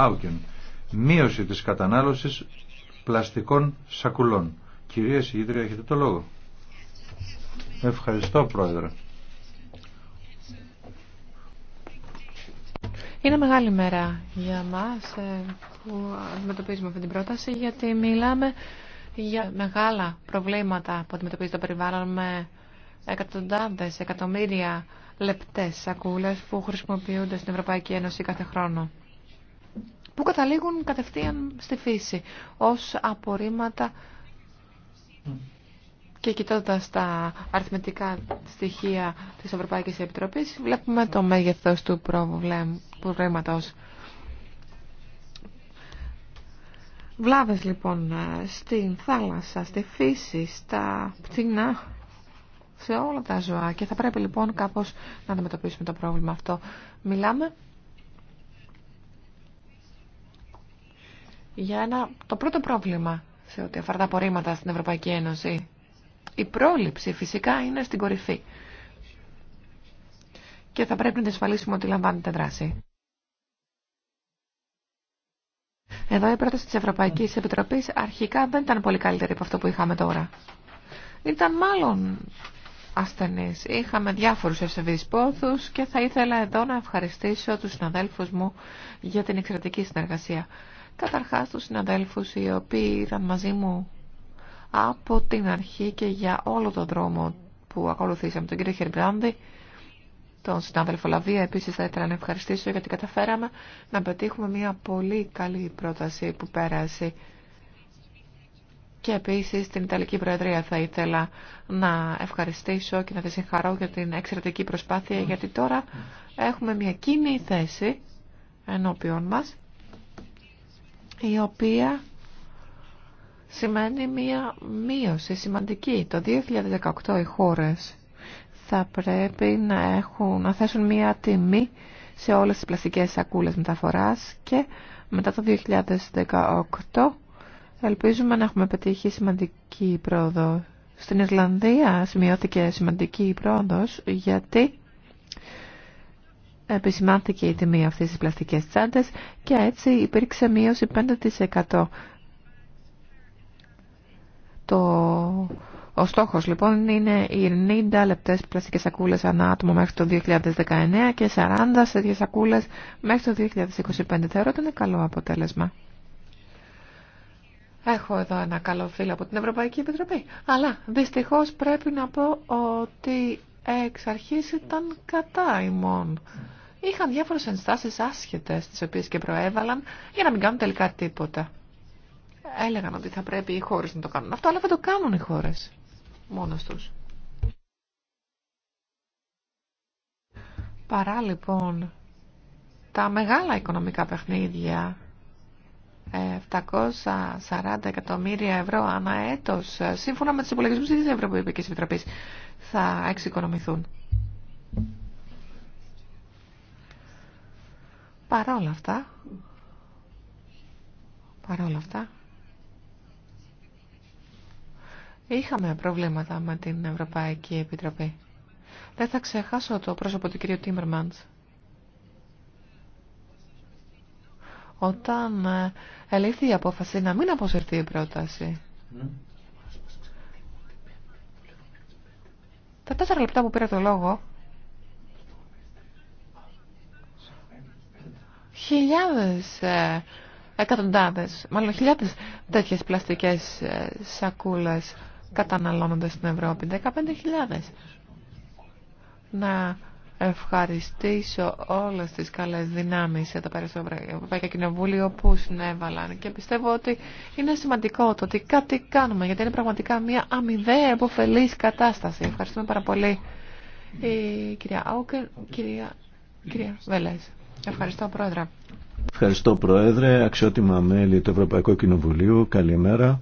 Άουκεν. Μείωση της κατανάλωσης πλαστικών σακουλών. Κυρία Σιγήτρια, έχετε το λόγο. Ευχαριστώ, Πρόεδρε. Είναι μεγάλη μέρα για μας ε, που αντιμετωπίζουμε αυτή την πρόταση γιατί μιλάμε για μεγάλα προβλήματα που αντιμετωπίζει το περιβάλλον με εκατοντάδες, εκατομμύρια λεπτές σακούλες που χρησιμοποιούνται στην Ευρωπαϊκή Ένωση κάθε χρόνο που καταλήγουν κατευθείαν στη φύση ως απορρίμματα και κοιτώντα τα αριθμητικά στοιχεία της Ευρωπαϊκής Επιτροπής βλέπουμε το μέγεθος του προβλήματος. Βλάβες λοιπόν στην θάλασσα, στη φύση, στα πτηνά, σε όλα τα ζωά και θα πρέπει λοιπόν κάπως να αντιμετωπίσουμε το πρόβλημα αυτό. Μιλάμε για ένα, το πρώτο πρόβλημα σε ό,τι αφορά τα απορρίμματα στην Ευρωπαϊκή Ένωση. Η πρόληψη φυσικά είναι στην κορυφή. Και θα πρέπει να διασφαλίσουμε ότι λαμβάνεται δράση. Εδώ η πρόταση της Ευρωπαϊκής Επιτροπής αρχικά δεν ήταν πολύ καλύτερη από αυτό που είχαμε τώρα. Ήταν μάλλον ασθενής. Είχαμε διάφορους ευσεβείς πόθους και θα ήθελα εδώ να ευχαριστήσω τους συναδέλφους μου για την εξαιρετική συνεργασία. Καταρχάς τους συναδέλφους οι οποίοι ήταν μαζί μου από την αρχή και για όλο τον δρόμο που ακολουθήσαμε. Τον κύριο Χερμπράνδη, τον συνάδελφο Λαβία, επίσης θα ήθελα να ευχαριστήσω γιατί καταφέραμε να πετύχουμε μια πολύ καλή πρόταση που πέρασε. Και επίσης την Ιταλική Προεδρία θα ήθελα να ευχαριστήσω και να τη συγχαρώ για την εξαιρετική προσπάθεια γιατί τώρα έχουμε μια κοινή θέση ενώπιον μας η οποία σημαίνει μία μείωση σημαντική. Το 2018 οι χώρες θα πρέπει να, έχουν, να θέσουν μία τιμή σε όλες τις πλαστικές σακούλες μεταφοράς και μετά το 2018 ελπίζουμε να έχουμε πετύχει σημαντική πρόοδο. Στην Ιρλανδία σημειώθηκε σημαντική πρόοδος γιατί επισημάνθηκε η τιμή αυτής της πλαστικές τσάντες και έτσι υπήρξε μείωση 5%. Το... Ο στόχος λοιπόν είναι οι 90 λεπτές πλαστικές σακούλες ανά άτομο μέχρι το 2019 και 40 σε σακούλες μέχρι το 2025. Θεωρώ ότι είναι καλό αποτέλεσμα. Έχω εδώ ένα καλό φίλο από την Ευρωπαϊκή Επιτροπή, αλλά δυστυχώς πρέπει να πω ότι εξ αρχής ήταν κατά ημών. Είχαν διάφορες ενστάσεις άσχετες, τις οποίες και προέβαλαν, για να μην κάνουν τελικά τίποτα. Έλεγαν ότι θα πρέπει οι χώρες να το κάνουν αυτό, αλλά δεν το κάνουν οι χώρες μόνος τους. Παρά λοιπόν τα μεγάλα οικονομικά παιχνίδια 740 ε, εκατομμύρια ευρώ ανά έτος ε, σύμφωνα με τις υπολογισμούς της Ευρωπαϊκής Επιτροπής θα εξοικονομηθούν. Παρά όλα αυτά, παρά όλα αυτά, είχαμε προβλήματα με την Ευρωπαϊκή Επιτροπή. Δεν θα ξεχάσω το πρόσωπο του κ. Τίμερμαντς. Όταν ε, ελήφθη η απόφαση να μην αποσυρθεί η πρόταση, Τα τέσσερα λεπτά που πήρα το λόγο, χιλιάδες, ε, εκατοντάδες, μάλλον χιλιάδες τέτοιες πλαστικές ε, σακούλες καταναλώνονται στην Ευρώπη. 15.000. Να ευχαριστήσω όλες τις καλές δυνάμεις εδώ πέρα στο Ευρωπαϊκό Κοινοβούλιο που συνέβαλαν και πιστεύω ότι είναι σημαντικό το ότι κάτι κάνουμε γιατί είναι πραγματικά μια αμοιβαία εποφελής κατάσταση. Ευχαριστούμε πάρα πολύ η κυρία Άουκερ, κυρία, κυρία Ευχαριστώ Πρόεδρε. Ευχαριστώ Πρόεδρε, αξιότιμα μέλη του Ευρωπαϊκού Κοινοβουλίου. Καλημέρα.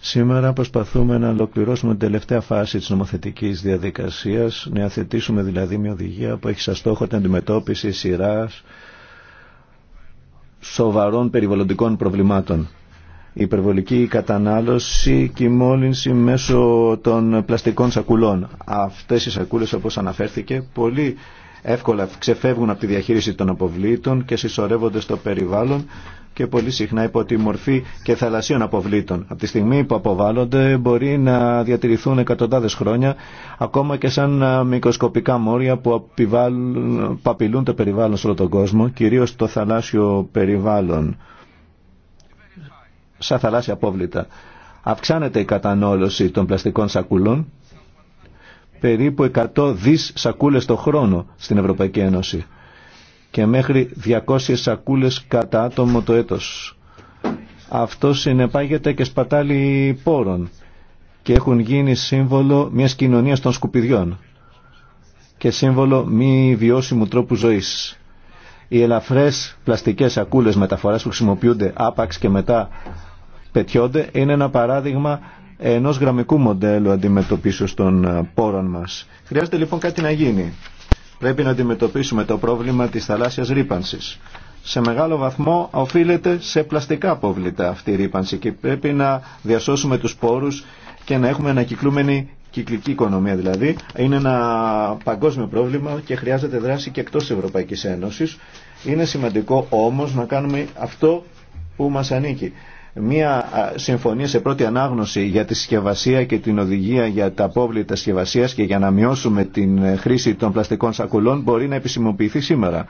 Σήμερα προσπαθούμε να ολοκληρώσουμε την τελευταία φάση της νομοθετικής διαδικασίας, να αθετήσουμε δηλαδή μια οδηγία που έχει σαν στόχο την αντιμετώπιση σειρά σοβαρών περιβαλλοντικών προβλημάτων. Η υπερβολική κατανάλωση και η μόλυνση μέσω των πλαστικών σακουλών. Αυτές οι σακούλες όπως αναφέρθηκε πολύ εύκολα ξεφεύγουν από τη διαχείριση των αποβλήτων και συσσωρεύονται στο περιβάλλον και πολύ συχνά υπό τη μορφή και θαλασσίων αποβλήτων. Από τη στιγμή που αποβάλλονται μπορεί να διατηρηθούν εκατοντάδες χρόνια ακόμα και σαν μικροσκοπικά μόρια που απειλούν το περιβάλλον σε όλο τον κόσμο, κυρίως το θαλάσσιο περιβάλλον, σαν θαλάσσια απόβλητα. Αυξάνεται η κατανόλωση των πλαστικών σακουλών περίπου 100 δις σακούλες το χρόνο στην Ευρωπαϊκή Ένωση και μέχρι 200 σακούλες κατά άτομο το έτος. Αυτό συνεπάγεται και σπατάλη πόρων και έχουν γίνει σύμβολο μιας κοινωνίας των σκουπιδιών και σύμβολο μη βιώσιμου τρόπου ζωής. Οι ελαφρές πλαστικές σακούλες μεταφοράς που χρησιμοποιούνται άπαξ και μετά πετιόνται είναι ένα παράδειγμα ενός γραμμικού μοντέλου αντιμετωπίσεως των πόρων μας. Χρειάζεται λοιπόν κάτι να γίνει. Πρέπει να αντιμετωπίσουμε το πρόβλημα της θαλάσσιας ρήπανσης. Σε μεγάλο βαθμό οφείλεται σε πλαστικά απόβλητα αυτή η ρήπανση και πρέπει να διασώσουμε τους πόρους και να έχουμε ανακυκλούμενη κυκλική οικονομία δηλαδή. Είναι ένα παγκόσμιο πρόβλημα και χρειάζεται δράση και εκτός Ευρωπαϊκής Ένωσης. Είναι σημαντικό όμως να κάνουμε αυτό που μας ανήκει μια συμφωνία σε πρώτη ανάγνωση για τη συσκευασία και την οδηγία για τα απόβλητα συσκευασία και για να μειώσουμε την ε, χρήση των πλαστικών σακουλών μπορεί να επισημοποιηθεί σήμερα.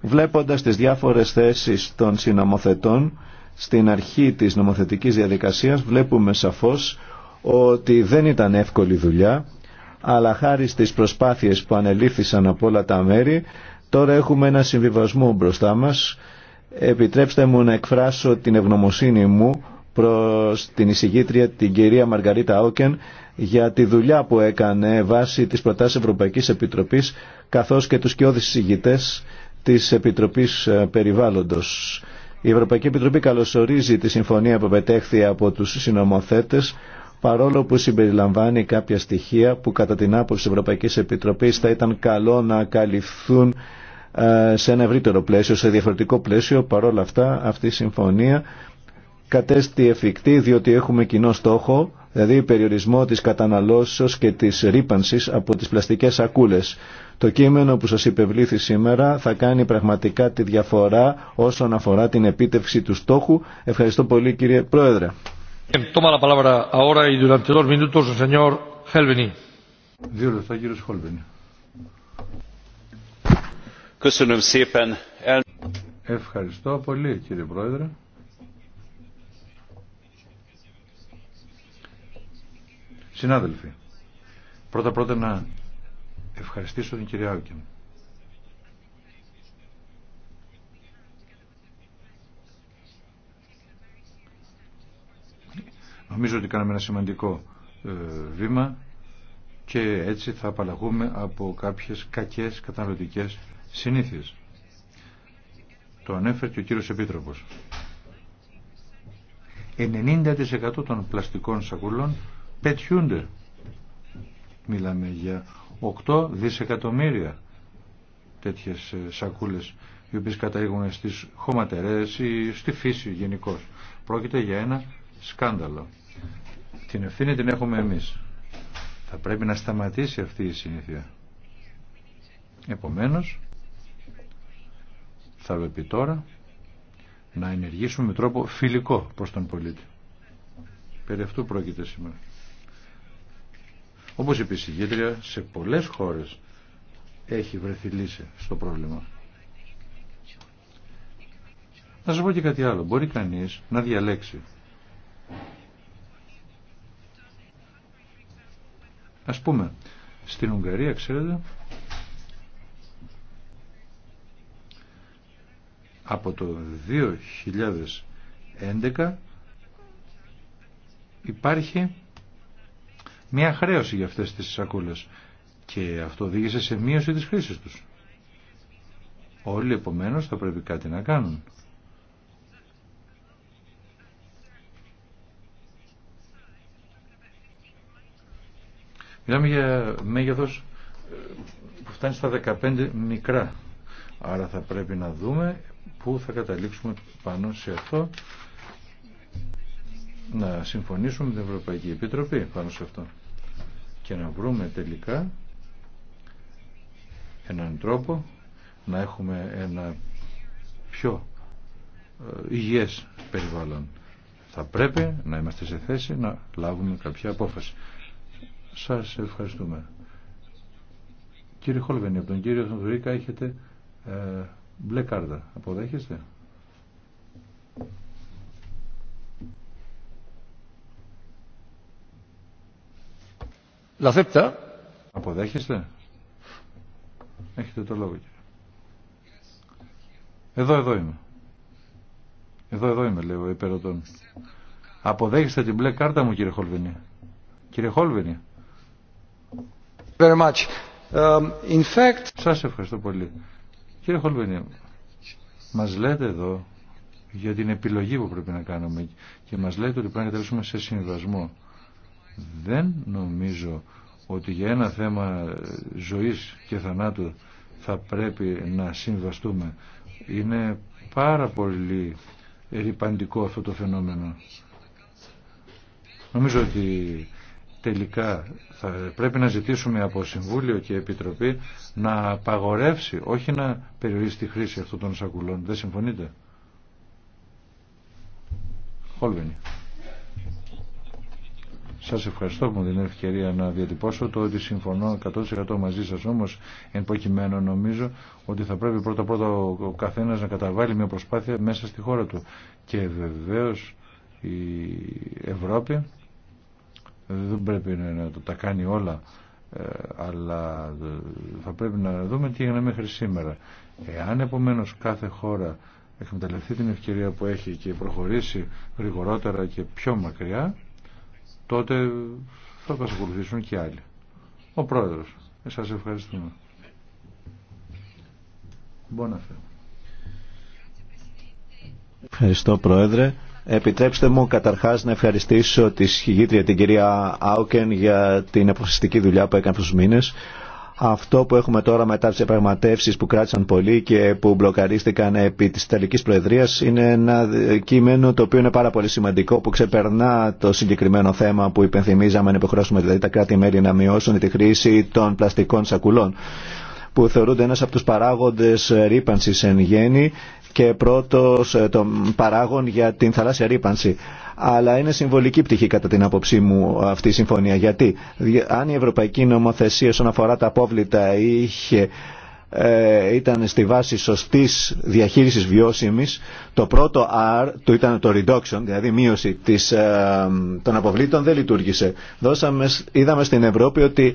Βλέποντας τις διάφορες θέσεις των συνομοθετών στην αρχή της νομοθετικής διαδικασίας βλέπουμε σαφώς ότι δεν ήταν εύκολη δουλειά αλλά χάρη στις προσπάθειες που ανελήφθησαν από όλα τα μέρη τώρα έχουμε ένα συμβιβασμό μπροστά μας Επιτρέψτε μου να εκφράσω την ευγνωμοσύνη μου προς την εισηγήτρια την κυρία Μαργαρίτα Όκεν για τη δουλειά που έκανε βάσει της προτάσεις Ευρωπαϊκής Επιτροπής καθώς και τους κοιόδης εισηγητές της Επιτροπής ε, Περιβάλλοντος. Η Ευρωπαϊκή Επιτροπή καλωσορίζει τη συμφωνία που πετέχθη από τους συνομοθέτες παρόλο που συμπεριλαμβάνει κάποια στοιχεία που κατά την άποψη της Ευρωπαϊκής Επιτροπής θα ήταν καλό να καλυφθούν ε, σε ένα ευρύτερο πλαίσιο, σε διαφορετικό πλαίσιο. Παρόλα αυτά αυτή η συμφωνία κατέστη εφικτή διότι έχουμε κοινό στόχο, δηλαδή περιορισμό της καταναλώσεως και της ρήπανσης από τις πλαστικές σακούλες. Το κείμενο που σας υπευλήθη σήμερα θα κάνει πραγματικά τη διαφορά όσον αφορά την επίτευξη του στόχου. Ευχαριστώ πολύ κύριε Πρόεδρε. Ε, Ευχαριστώ πολύ κύριε Πρόεδρε. Συνάδελφοι, πρώτα πρώτα να ευχαριστήσω την κυρία Άουκεν. Νομίζω ότι κάναμε ένα σημαντικό ε, βήμα και έτσι θα απαλλαγούμε από κάποιες κακές καταναλωτικές συνήθειες. Το ανέφερε και ο κύριος Επίτροπος. 90% των πλαστικών σακούλων πετιούνται. Μιλάμε για 8 δισεκατομμύρια τέτοιες ε, σακούλες οι οποίες καταήγουν στις χωματερές ή στη φύση γενικώ. Πρόκειται για ένα σκάνδαλο. Την ευθύνη την έχουμε εμείς. Θα πρέπει να σταματήσει αυτή η συνήθεια. Επομένως, θα πρέπει τώρα να ενεργήσουμε με τρόπο φιλικό προς τον πολίτη. Περί αυτού πρόκειται σήμερα. Όπως είπε η συγκέντρια, σε πολλές χώρες έχει βρεθεί λύση στο πρόβλημα. Να σας πω και κάτι άλλο. Μπορεί κανείς να διαλέξει. Ας πούμε, στην Ουγγαρία, ξέρετε, από το 2011 υπάρχει μια χρέωση για αυτές τις σακούλες και αυτό οδήγησε σε μείωση της χρήσης τους. Όλοι επομένως θα πρέπει κάτι να κάνουν. Μιλάμε για μέγεθος ε, που φτάνει στα 15 μικρά. Άρα θα πρέπει να δούμε που θα καταλήξουμε πάνω σε αυτό να συμφωνήσουμε με την Ευρωπαϊκή Επιτροπή πάνω σε αυτό και να βρούμε τελικά έναν τρόπο να έχουμε ένα πιο ε, υγιές περιβάλλον. Θα πρέπει να είμαστε σε θέση να λάβουμε κάποια απόφαση. Σας ευχαριστούμε. Κύριε Χόλβενη, από τον κύριο έχετε ε, Μπλε κάρτα. Αποδέχεστε. Λαθέπτα. Αποδέχεστε. Έχετε το λόγο κύριε. Εδώ, εδώ είμαι. Εδώ, εδώ είμαι λέω ο υπερωτών. Αποδέχεστε την μπλε κάρτα μου κύριε Χόλβενη. Κύριε Χόλβενη. Very um, Σας ευχαριστώ πολύ. Κύριε Χολβενή, μας λέτε εδώ για την επιλογή που πρέπει να κάνουμε και μας λέτε ότι πρέπει να καταλήξουμε σε συμβασμό. Δεν νομίζω ότι για ένα θέμα ζωής και θανάτου θα πρέπει να συμβαστούμε. Είναι πάρα πολύ ρηπαντικό αυτό το φαινόμενο. Νομίζω ότι τελικά θα πρέπει να ζητήσουμε από Συμβούλιο και Επιτροπή να απαγορεύσει, όχι να περιορίσει τη χρήση αυτών των σακουλών. Δεν συμφωνείτε. Χόλβενη. Σας ευχαριστώ που μου την ευκαιρία να διατυπώσω το ότι συμφωνώ 100% μαζί σας όμως εν προκειμένου νομίζω ότι θα πρέπει πρώτα πρώτα ο καθένας να καταβάλει μια προσπάθεια μέσα στη χώρα του και βεβαίως η Ευρώπη δεν πρέπει να τα κάνει όλα ε, αλλά ε, θα πρέπει να δούμε τι έγινε μέχρι σήμερα. Εάν επομένως κάθε χώρα εκμεταλλευτεί την ευκαιρία που έχει και προχωρήσει γρηγορότερα και πιο μακριά, τότε θα τα ακολουθήσουν και άλλοι. Ο Πρόεδρος. Ε, σας ευχαριστούμε. Ευχαριστώ Πρόεδρε. Επιτρέψτε μου καταρχάς να ευχαριστήσω τη συγγήτρια την κυρία Άουκεν για την αποφασιστική δουλειά που έκανε στου τους μήνες. Αυτό που έχουμε τώρα μετά τις διαπραγματεύσεις που κράτησαν πολύ και που μπλοκαρίστηκαν επί της Ιταλικής Προεδρίας είναι ένα κείμενο το οποίο είναι πάρα πολύ σημαντικό που ξεπερνά το συγκεκριμένο θέμα που υπενθυμίζαμε να υποχρεώσουμε δηλαδή τα κράτη-μέλη να μειώσουν τη χρήση των πλαστικών σακουλών που θεωρούνται ένας από τους παράγοντε ρήπανσης εν γέννη και πρώτος ε, τον παράγων για την θαλάσσια ρήπανση. Αλλά είναι συμβολική πτυχή κατά την άποψή μου αυτή η συμφωνία. Γιατί αν η ευρωπαϊκή νομοθεσία όσον αφορά τα απόβλητα είχε ε, ήταν στη βάση σωστής διαχείρισης βιώσιμης το πρώτο R το ήταν το reduction δηλαδή μείωση της, ε, των αποβλήτων δεν λειτουργήσε Δώσαμε, είδαμε στην Ευρώπη ότι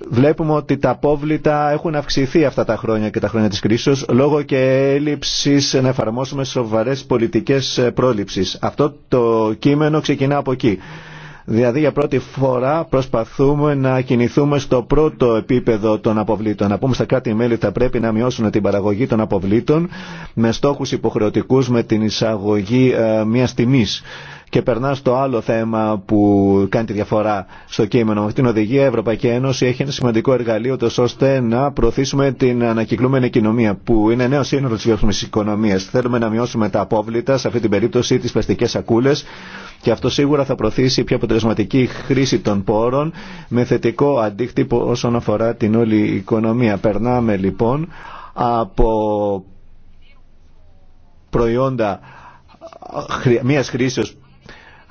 βλέπουμε ότι τα απόβλητα έχουν αυξηθεί αυτά τα χρόνια και τα χρόνια της κρίσης λόγω και έλλειψης να εφαρμόσουμε σοβαρές πολιτικές πρόληψης. Αυτό το κείμενο ξεκινά από εκεί. Δηλαδή για πρώτη φορά προσπαθούμε να κινηθούμε στο πρώτο επίπεδο των αποβλήτων. Να πούμε στα κράτη-μέλη θα πρέπει να μειώσουν την παραγωγή των αποβλήτων με στόχους υποχρεωτικούς με την εισαγωγή ε, μιας τιμής και περνά στο άλλο θέμα που κάνει τη διαφορά στο κείμενο. Με την οδηγία η Ευρωπαϊκή Ένωση έχει ένα σημαντικό εργαλείο τόσο ώστε να προωθήσουμε την ανακυκλούμενη κοινωνία που είναι νέο σύνολο της βιώσιμης οικονομίας. Θέλουμε να μειώσουμε τα απόβλητα, σε αυτή την περίπτωση τις πλαστικές σακούλες και αυτό σίγουρα θα προωθήσει πιο αποτελεσματική χρήση των πόρων με θετικό αντίκτυπο όσον αφορά την όλη οικονομία. Περνάμε λοιπόν από προϊόντα μιας χρήσεως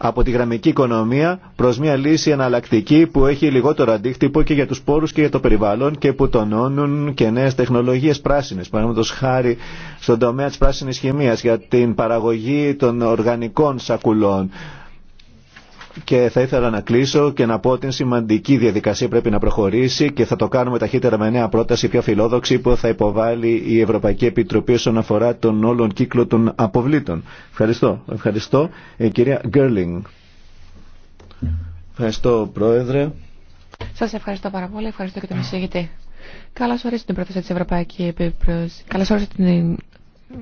από τη γραμμική οικονομία προ μια λύση εναλλακτική που έχει λιγότερο αντίκτυπο και για τους πόρου και για το περιβάλλον και που τονώνουν και νέε τεχνολογίες πράσινες. Παραδείγματος χάρη στον τομέα της πράσινης χημία για την παραγωγή των οργανικών σακουλών και θα ήθελα να κλείσω και να πω ότι είναι σημαντική διαδικασία πρέπει να προχωρήσει και θα το κάνουμε ταχύτερα με νέα πρόταση πιο φιλόδοξη που θα υποβάλει η Ευρωπαϊκή Επιτροπή όσον αφορά τον όλον κύκλο των αποβλήτων. Ευχαριστώ. Ευχαριστώ. Ε, κυρία Γκέρλινγκ. Ευχαριστώ Πρόεδρε. Σας ευχαριστώ πάρα πολύ. Ευχαριστώ και τον εισηγητή. Καλώς ορίσατε την πρόταση της Ευρωπαϊκής Επιτροπής. ορίσατε την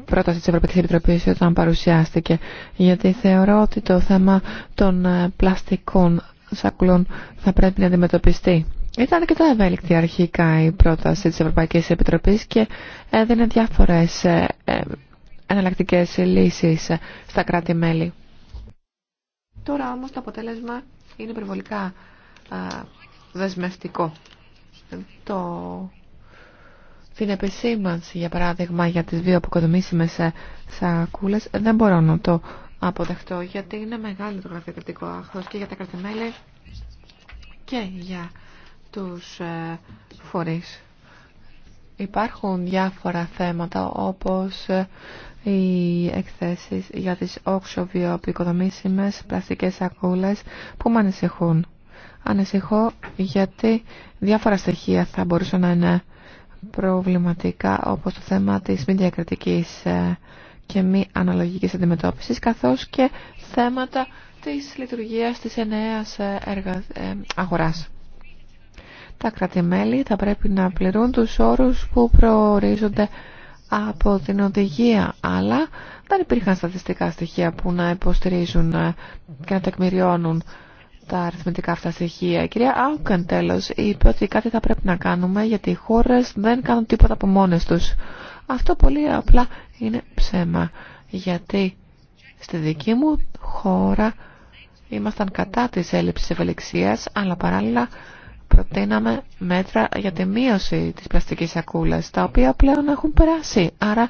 πρόταση της Ευρωπαϊκής Επιτροπής όταν παρουσιάστηκε, γιατί θεωρώ ότι το θέμα των ε, πλαστικών σακουλών θα πρέπει να αντιμετωπιστεί. Ήταν αρκετά ευέλικτη αρχικά η πρόταση της Ευρωπαϊκής Επιτροπής και έδινε διάφορες ε, ε, εναλλακτικέ λύσεις στα κράτη-μέλη. Τώρα όμως το αποτέλεσμα είναι υπερβολικά δεσμευτικό. Το την επισήμανση, για παράδειγμα, για τις δύο αποκοδομήσιμες ε, σακούλες, δεν μπορώ να το αποδεχτώ, γιατί είναι μεγάλο το γραφειοκρατικό άχθος και για τα κρατημέλη και για τους ε, φορείς. Υπάρχουν διάφορα θέματα όπως ε, οι εκθέσεις για τις όξο πλαστικές σακούλες που με ανησυχούν. Ανησυχώ γιατί διάφορα στοιχεία θα μπορούσαν να είναι προβληματικά όπως το θέμα της μη διακριτικής ε, και μη αναλογικής αντιμετώπισης καθώς και θέματα της λειτουργίας της ενέας εργα... Ε, αγοράς. Τα κράτη-μέλη θα πρέπει να πληρούν τους όρους που προορίζονται από την οδηγία, αλλά δεν υπήρχαν στατιστικά στοιχεία που να υποστηρίζουν ε, και να τεκμηριώνουν τα αριθμητικά αυτά στοιχεία. Η κυρία Άουκεν, τέλο είπε ότι κάτι θα πρέπει να κάνουμε γιατί οι χώρες δεν κάνουν τίποτα από μόνε τους. Αυτό πολύ απλά είναι ψέμα γιατί στη δική μου χώρα ήμασταν κατά της έλλειψης ευελιξίας αλλά παράλληλα προτείναμε μέτρα για τη μείωση της πλαστικής σακούλας τα οποία πλέον έχουν περάσει. Άρα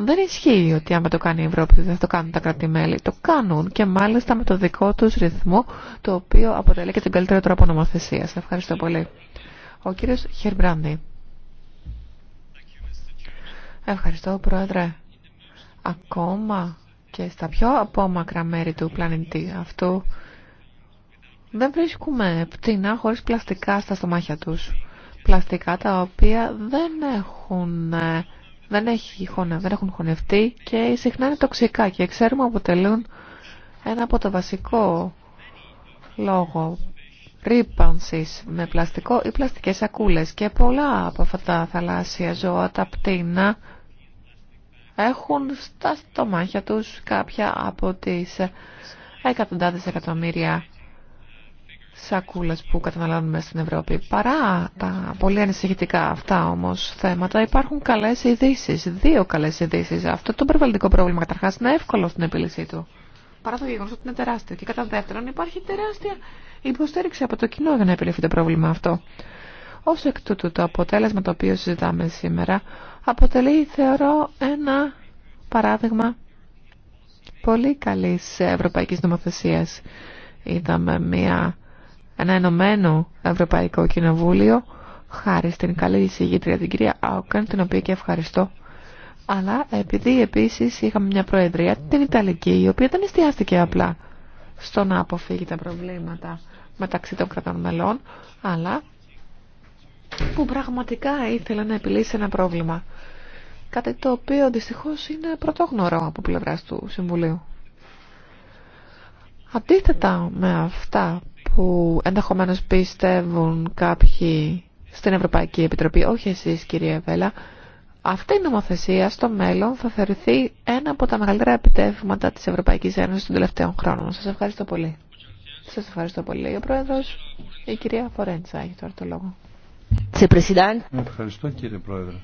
δεν ισχύει ότι άμα το κάνει η Ευρώπη δεν θα το κάνουν τα κρατη Το κάνουν και μάλιστα με το δικό τους ρυθμό, το οποίο αποτελεί και τον καλύτερο τρόπο νομοθεσίας. Ευχαριστώ πολύ. Ο κύριος Χερμπράντη. Ευχαριστώ, Πρόεδρε. Ακόμα και στα πιο απόμακρα μέρη του πλανήτη αυτού δεν βρίσκουμε πτηνά χωρίς πλαστικά στα στομάχια τους. Πλαστικά τα οποία δεν έχουν ε, δεν, έχει δεν έχουν χωνευτεί και συχνά είναι τοξικά και ξέρουμε αποτελούν ένα από το βασικό λόγο ρήπανσης με πλαστικό ή πλαστικές σακούλες και πολλά από αυτά τα θαλάσσια ζώα, τα πτήνα έχουν στα στομάχια τους κάποια από τις εκατοντάδες εκατομμύρια σακούλε που καταναλώνουμε στην Ευρώπη. Παρά τα πολύ ανησυχητικά αυτά όμω θέματα υπάρχουν καλέ ειδήσει, δύο καλέ ειδήσει. Αυτό το περιβαλλοντικό πρόβλημα καταρχά είναι εύκολο στην επίλυσή του. Παρά το γεγονό ότι είναι τεράστιο. Και κατά δεύτερον υπάρχει τεράστια υποστήριξη από το κοινό για να επιλυθεί το πρόβλημα αυτό. Ω εκ τούτου το αποτέλεσμα το οποίο συζητάμε σήμερα αποτελεί θεωρώ ένα παράδειγμα πολύ καλής ευρωπαϊκής νομοθεσίας. Είδαμε μια ένα ενωμένο Ευρωπαϊκό Κοινοβούλιο χάρη στην καλή εισηγήτρια την κυρία Άουκεν την οποία και ευχαριστώ. Αλλά επειδή επίσης είχαμε μια προεδρία, την Ιταλική, η οποία δεν εστιάστηκε απλά στο να αποφύγει τα προβλήματα μεταξύ των κρατών μελών, αλλά που πραγματικά ήθελε να επιλύσει ένα πρόβλημα. Κάτι το οποίο δυστυχώς είναι πρωτόγνωρο από πλευρά του Συμβουλίου. Αντίθετα με αυτά που ενδεχομένως πιστεύουν κάποιοι στην Ευρωπαϊκή Επιτροπή, όχι εσείς κυρία Βέλα, αυτή η νομοθεσία στο μέλλον θα θεωρηθεί ένα από τα μεγαλύτερα επιτεύγματα της Ευρωπαϊκής Ένωσης των τελευταίων χρόνων. Σας ευχαριστώ πολύ. Σας ευχαριστώ πολύ. Ο Πρόεδρος, η κυρία Φορέντσα, έχει τώρα το λόγο. Ευχαριστώ κύριε Πρόεδρε.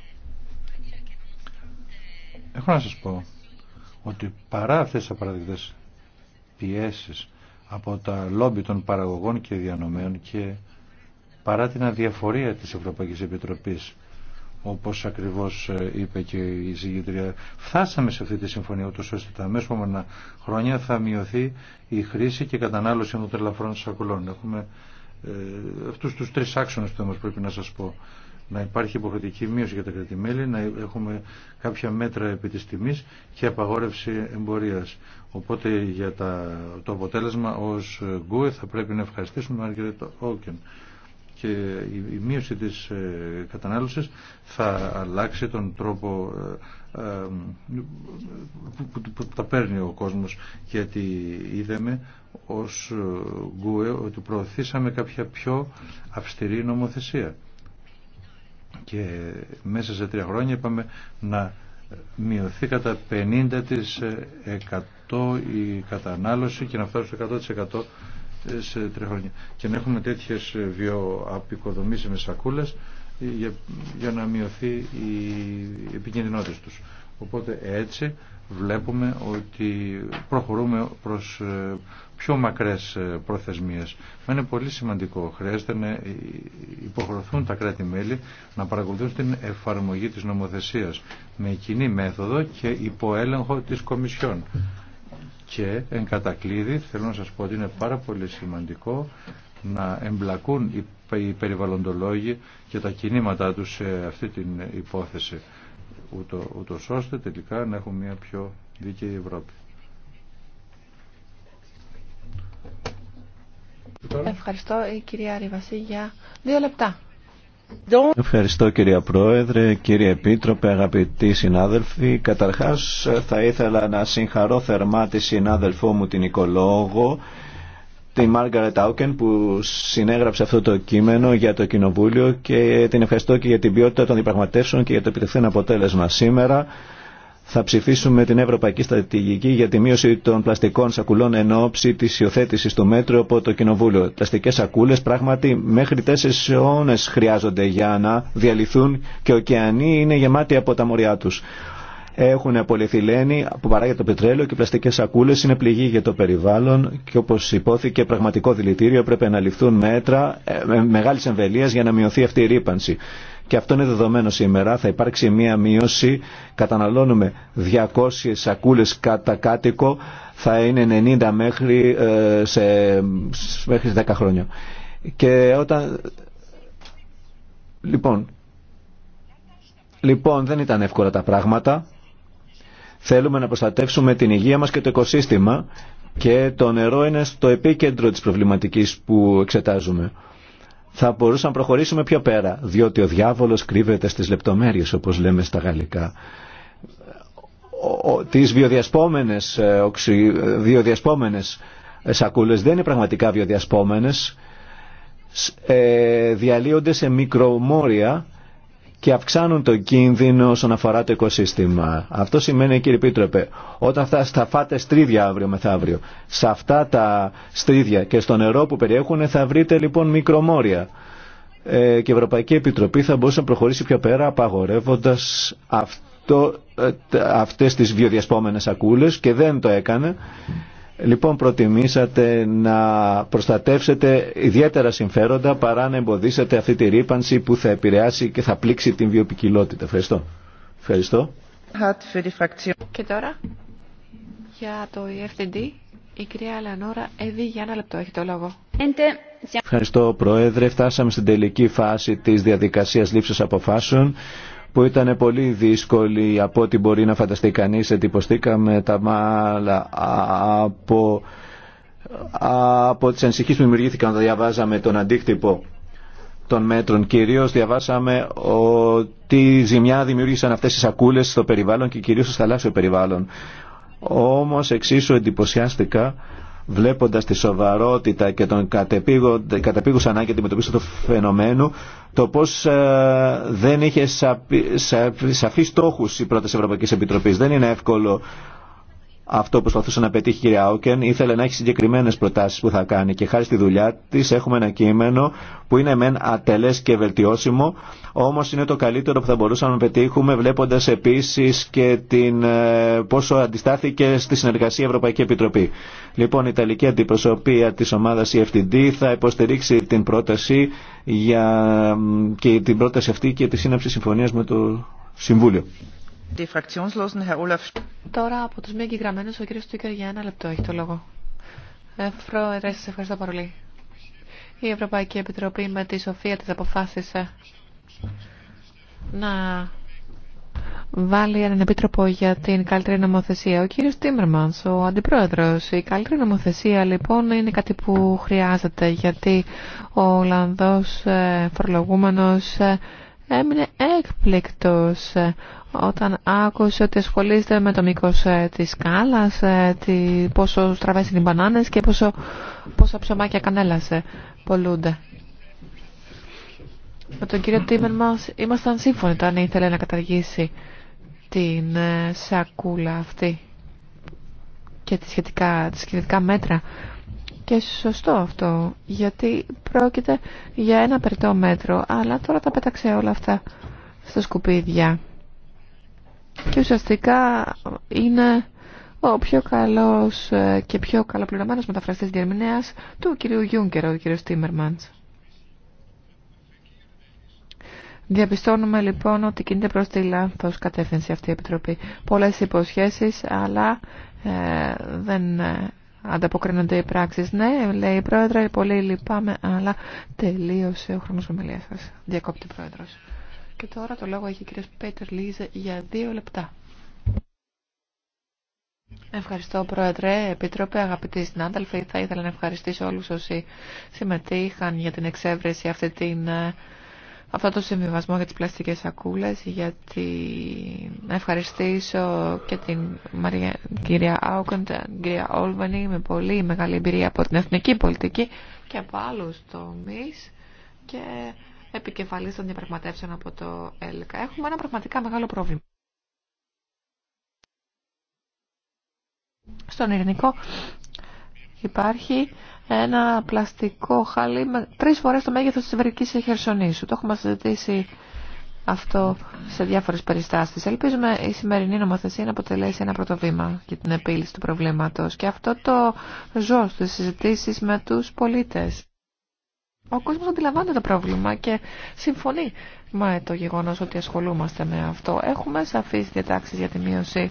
Έχω να σας πω ότι παρά αυτές τις απαραδεκτές πιέσεις από τα λόμπι των παραγωγών και διανομέων και παρά την αδιαφορία της Ευρωπαϊκής Επιτροπής όπως ακριβώς ε, είπε και η συγκεντρία φτάσαμε σε αυτή τη συμφωνία ούτως ώστε τα μέσα χρόνια θα μειωθεί η χρήση και η κατανάλωση των τελαφρών σακουλών. Έχουμε ε, αυτούς τους τρεις άξονες που όμως πρέπει να σας πω να υπάρχει υποχρεωτική μείωση για τα κρατημέλη, να έχουμε κάποια μέτρα επί της τιμής και απαγόρευση εμπορίας. Οπότε για τα, το αποτέλεσμα ως ΓΚΟΕ θα πρέπει να ευχαριστήσουμε Μάργκρετ Όκεν και η μείωση της ε, κατανάλωσης θα αλλάξει τον τρόπο ε, ε, που τα παίρνει ο κόσμος γιατί είδαμε ως ΓΚΟΕ ότι προωθήσαμε κάποια πιο αυστηρή νομοθεσία και μέσα σε τρία χρόνια είπαμε να μειωθεί κατά 50% η κατανάλωση και να φτάσει στο 100% σε τρία χρόνια. Και να έχουμε τέτοιες βιοαπικοδομήσιμες σακούλες για, για να μειωθεί η επικίνδυνοτητα τους. Οπότε έτσι βλέπουμε ότι προχωρούμε προς ε, πιο μακρές ε, προθεσμίες. είναι πολύ σημαντικό. Χρειάζεται να ε, υποχρεωθούν τα κράτη-μέλη να παρακολουθούν την εφαρμογή της νομοθεσίας με κοινή μέθοδο και υποέλεγχο της Κομισιόν. Και εν κατακλείδη θέλω να σας πω ότι είναι πάρα πολύ σημαντικό να εμπλακούν οι περιβαλλοντολόγοι και τα κινήματά τους σε αυτή την υπόθεση ούτως ώστε τελικά να έχουν μια πιο δίκαιη Ευρώπη. Ευχαριστώ κυρία Ριβασί για δύο λεπτά. Ευχαριστώ κυρία Πρόεδρε, κύριε Επίτροπε, αγαπητοί συνάδελφοι. Καταρχάς θα ήθελα να συγχαρώ θερμά τη συνάδελφό μου την οικολόγο, την Μάργαρετ Άουκεν που συνέγραψε αυτό το κείμενο για το Κοινοβούλιο και την ευχαριστώ και για την ποιότητα των διαπραγματεύσεων και για το επιτευχθέν αποτέλεσμα σήμερα θα ψηφίσουμε την Ευρωπαϊκή Στρατηγική για τη μείωση των πλαστικών σακουλών εν ώψη τη υιοθέτηση του μέτρου από το Κοινοβούλιο. Πλαστικέ σακούλε πράγματι μέχρι τέσσερι αιώνε χρειάζονται για να διαλυθούν και ωκεανοί είναι γεμάτοι από τα μωριά του. Έχουν πολυθυλένη που παράγεται το πετρέλαιο και οι πλαστικέ σακούλε είναι πληγή για το περιβάλλον και όπω υπόθηκε πραγματικό δηλητήριο πρέπει να ληφθούν μέτρα ε, μεγάλη εμβελία για να μειωθεί αυτή η ρήπανση και αυτό είναι δεδομένο σήμερα, θα υπάρξει μία μείωση, καταναλώνουμε 200 σακούλες κατά κάτοικο, θα είναι 90 ε, μέχρι, σε, μέχρι 10 χρόνια. Και όταν... Λοιπόν, λοιπόν, δεν ήταν εύκολα τα πράγματα. Θέλουμε να προστατεύσουμε την υγεία μας και το οικοσύστημα και το νερό είναι στο επίκεντρο της προβληματικής που εξετάζουμε θα μπορούσαμε να προχωρήσουμε πιο πέρα, διότι ο διάβολος κρύβεται στις λεπτομέρειες, όπως λέμε στα γαλλικά. Ο, τις βιοδιασπόμενες, ε, οξυ, βιοδιασπόμενες σακούλες δεν είναι πραγματικά βιοδιασπόμενες, ε, διαλύονται σε μικρομόρια και αυξάνουν το κίνδυνο όσον αφορά το οικοσύστημα. Αυτό σημαίνει, κύριε Πίτροπε, όταν θα, θα φάτε στρίδια αύριο μεθαύριο, σε αυτά τα στρίδια και στο νερό που περιέχουν θα βρείτε λοιπόν μικρομόρια. Ε, και η Ευρωπαϊκή Επιτροπή θα μπορούσε να προχωρήσει πιο πέρα απαγορεύοντας αυτό, ε, αυτές τις βιοδιασπόμενες ακούλες και δεν το έκανε Λοιπόν, προτιμήσατε να προστατεύσετε ιδιαίτερα συμφέροντα παρά να εμποδίσετε αυτή τη ρήπανση που θα επηρεάσει και θα πλήξει την βιοπικιλότητα. Ευχαριστώ. Ευχαριστώ. Και τώρα, για το EFTD, η κυρία Λανόρα Εύη για ένα λεπτό έχει το λόγο. Ευχαριστώ, Πρόεδρε. Φτάσαμε στην τελική φάση της διαδικασίας λήψης αποφάσεων που ήταν πολύ δύσκολη από ό,τι μπορεί να φανταστεί κανείς. Εντυπωστήκαμε τα μάλα από, από τις ανησυχίες που δημιουργήθηκαν όταν διαβάζαμε τον αντίκτυπο των μέτρων. Κυρίως διαβάσαμε ότι ζημιά δημιούργησαν αυτές οι σακούλες στο περιβάλλον και κυρίως στο θαλάσσιο περιβάλλον. Όμως εξίσου εντυπωσιάστηκα βλέποντας τη σοβαρότητα και τον κατεπίγουσα ανάγκη αντιμετωπίσει του φαινομένου, το πώς ε, δεν είχε σαφείς στόχους η πρώτη Ευρωπαϊκή Επιτροπή. Δεν είναι εύκολο αυτό που προσπαθούσε να πετύχει η κυρία Άουκεν. Ήθελε να έχει συγκεκριμένε προτάσει που θα κάνει και χάρη στη δουλειά τη έχουμε ένα κείμενο που είναι μεν ατελέ και βελτιώσιμο, όμω είναι το καλύτερο που θα μπορούσαμε να πετύχουμε, βλέποντα επίση και την, ε, πόσο αντιστάθηκε στη συνεργασία Ευρωπαϊκή Επιτροπή. Λοιπόν, η Ιταλική Αντιπροσωπεία τη ομάδα EFTD θα υποστηρίξει την πρόταση για, και την πρόταση αυτή και τη σύναψη συμφωνία με το Συμβούλιο. Τώρα από τους μη εγγυγραμμένους ο κύριος Τούκερ για ένα λεπτό έχει το λόγο. Ε, πρόεδρε, σας ευχαριστώ πολύ. Η Ευρωπαϊκή Επιτροπή με τη σοφία της αποφάσισε να βάλει έναν επίτροπο για την καλύτερη νομοθεσία. Ο κύριος Τίμερμανς, ο αντιπρόεδρος. Η καλύτερη νομοθεσία λοιπόν είναι κάτι που χρειάζεται γιατί ο Ολλανδός ε, φορολογούμενος ε, έμεινε έκπληκτος ε, όταν άκουσε ότι ασχολείστε με το μήκος ε, της σκάλας, ε, τη, πόσο στραβές είναι οι μπανάνες και πόσο, πόσα ψωμάκια κανέλας πολλούνται. Με τον κύριο Τίμερ μας ήμασταν σύμφωνοι όταν ήθελε να καταργήσει την σακούλα αυτή και τις σχετικά, τις σχετικά μέτρα και σωστό αυτό, γιατί πρόκειται για ένα περτό μέτρο, αλλά τώρα τα πέταξε όλα αυτά στα σκουπίδια. Και ουσιαστικά είναι ο πιο καλός ε, και πιο καλοπληρωμένος μεταφραστής διερμηνέας του κυρίου Γιούγκερ, ο κύριος Τίμερμαντς. Διαπιστώνουμε λοιπόν ότι κινείται προς τη λάθος κατεύθυνση αυτή η Επιτροπή. Πολλές υποσχέσεις, αλλά ε, δεν ε, ανταποκρίνονται οι πράξεις. Ναι, λέει η Πρόεδρε, πολύ λυπάμαι, αλλά τελείωσε ο χρόνος ομιλίας σας. Διακόπτη Πρόεδρος. Και τώρα το λόγο έχει ο κύριος Πέτερ Λίζε για δύο λεπτά. Ευχαριστώ Πρόεδρε, Επίτροπε, αγαπητοί συνάδελφοι. Θα ήθελα να ευχαριστήσω όλους όσοι συμμετείχαν για την εξέβρεση αυτή την ε, αυτό το συμβιβασμό για τις πλαστικές σακούλες γιατί να ευχαριστήσω και την Μαρία, κυρία Άουκον, την κυρία Όλβανη με πολύ μεγάλη εμπειρία από την εθνική πολιτική και από άλλους τομείς και επικεφαλής των διαπραγματεύσεων από το ΕΛΚΑ. Έχουμε ένα πραγματικά μεγάλο πρόβλημα. Στον ειρηνικό υπάρχει ένα πλαστικό χαλί με τρεις φορές το μέγεθος της Ευρικής Χερσονήσου. Το έχουμε συζητήσει αυτό σε διάφορες περιστάσεις. Ελπίζουμε η σημερινή νομοθεσία να αποτελέσει ένα πρώτο βήμα για την επίλυση του προβλήματος και αυτό το ζω στις συζητήσεις με τους πολίτες. Ο κόσμος αντιλαμβάνεται το πρόβλημα και συμφωνεί με το γεγονός ότι ασχολούμαστε με αυτό. Έχουμε σαφείς διατάξεις για τη μείωση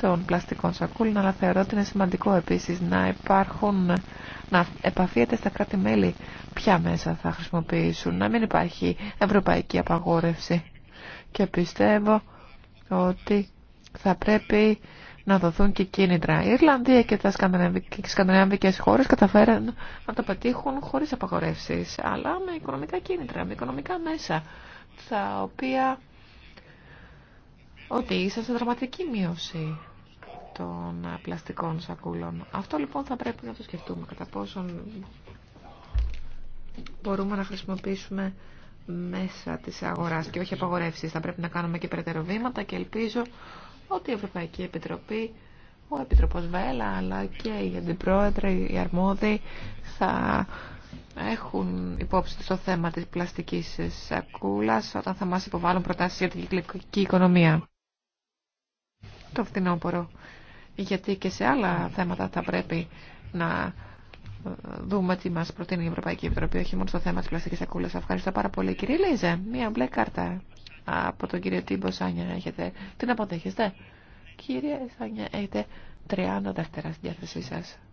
των πλαστικών σακούλων, αλλά θεωρώ ότι είναι σημαντικό επίσης να υπάρχουν, να επαφίεται στα κράτη-μέλη ποια μέσα θα χρησιμοποιήσουν, να μην υπάρχει ευρωπαϊκή απαγόρευση. Και πιστεύω ότι θα πρέπει να δοθούν και κίνητρα. Η Ιρλανδία και τα σκανδιναβικέ χώρε καταφέραν να το πετύχουν χωρί απαγορεύσει, αλλά με οικονομικά κίνητρα, με οικονομικά μέσα, τα οποία οδήγησαν σε δραματική μείωση των πλαστικών σακούλων. Αυτό λοιπόν θα πρέπει να το σκεφτούμε, κατά πόσον μπορούμε να χρησιμοποιήσουμε μέσα της αγοράς και όχι απαγορεύσεις. Θα πρέπει να κάνουμε και περαιτέρω βήματα και ελπίζω ότι η Ευρωπαϊκή Επιτροπή, ο Επιτροπός Βέλα, αλλά και οι αντιπρόεδροι, οι αρμόδιοι θα έχουν υπόψη στο θέμα της πλαστικής σακούλας όταν θα μας υποβάλουν προτάσεις για την κυκλική οικονομία. Το φθινόπωρο. Γιατί και σε άλλα θέματα θα πρέπει να δούμε τι μας προτείνει η Ευρωπαϊκή Επιτροπή, όχι μόνο στο θέμα της πλαστικής σακούλας. Ευχαριστώ πάρα πολύ. Κύριε Λίζε, μία μπλε κάρτα από τον κύριο Τίμπο Σάνια. Έχετε... Την αποδέχεστε. Κύριε Σάνια, έχετε 30 δεύτερα στη διάθεσή σα.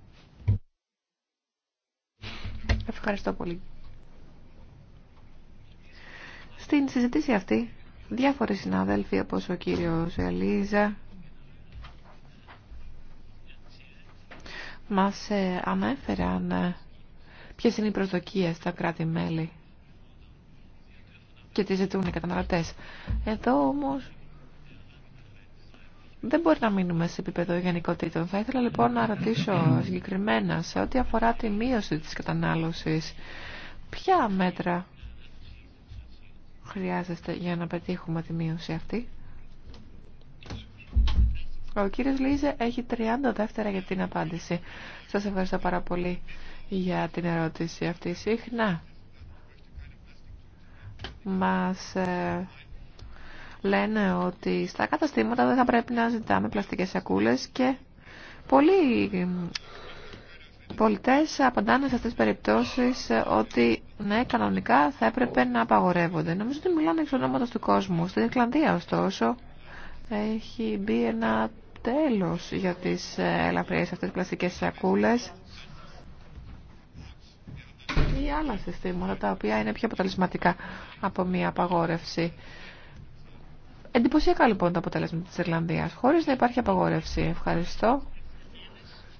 Ευχαριστώ πολύ. Στην συζήτηση αυτή, διάφοροι συνάδελφοι όπως ο κύριος Ελίζα μας ε, ανέφεραν ε, ποιες είναι οι προσδοκίες στα κράτη-μέλη και τι ζητούν οι καταναλωτές. Εδώ όμω δεν μπορεί να μείνουμε σε επίπεδο γενικότητων. Θα ήθελα λοιπόν να ρωτήσω συγκεκριμένα σε ό,τι αφορά τη μείωση τη κατανάλωση, Ποια μέτρα χρειάζεστε για να πετύχουμε τη μείωση αυτή. Ο κύριος Λίζε έχει 30 δεύτερα για την απάντηση. Σας ευχαριστώ πάρα πολύ για την ερώτηση αυτή. Συχνά μας ε, λένε ότι στα καταστήματα δεν θα πρέπει να ζητάμε πλαστικές σακούλες και πολλοί πολιτές απαντάνε σε αυτές τις περιπτώσεις ότι ναι, κανονικά θα έπρεπε να απαγορεύονται. Νομίζω ότι μιλάνε εξ ονόματος του κόσμου. Στην Ιρλανδία, ωστόσο, έχει μπει ένα τέλος για τις ε, ελαφριές αυτές τις πλαστικές σακούλες άλλα συστήματα τα οποία είναι πιο αποτελεσματικά από μια απαγόρευση. Εντυπωσιακά λοιπόν το αποτέλεσμα της Ιρλανδίας, χωρίς να υπάρχει απαγόρευση. Ευχαριστώ.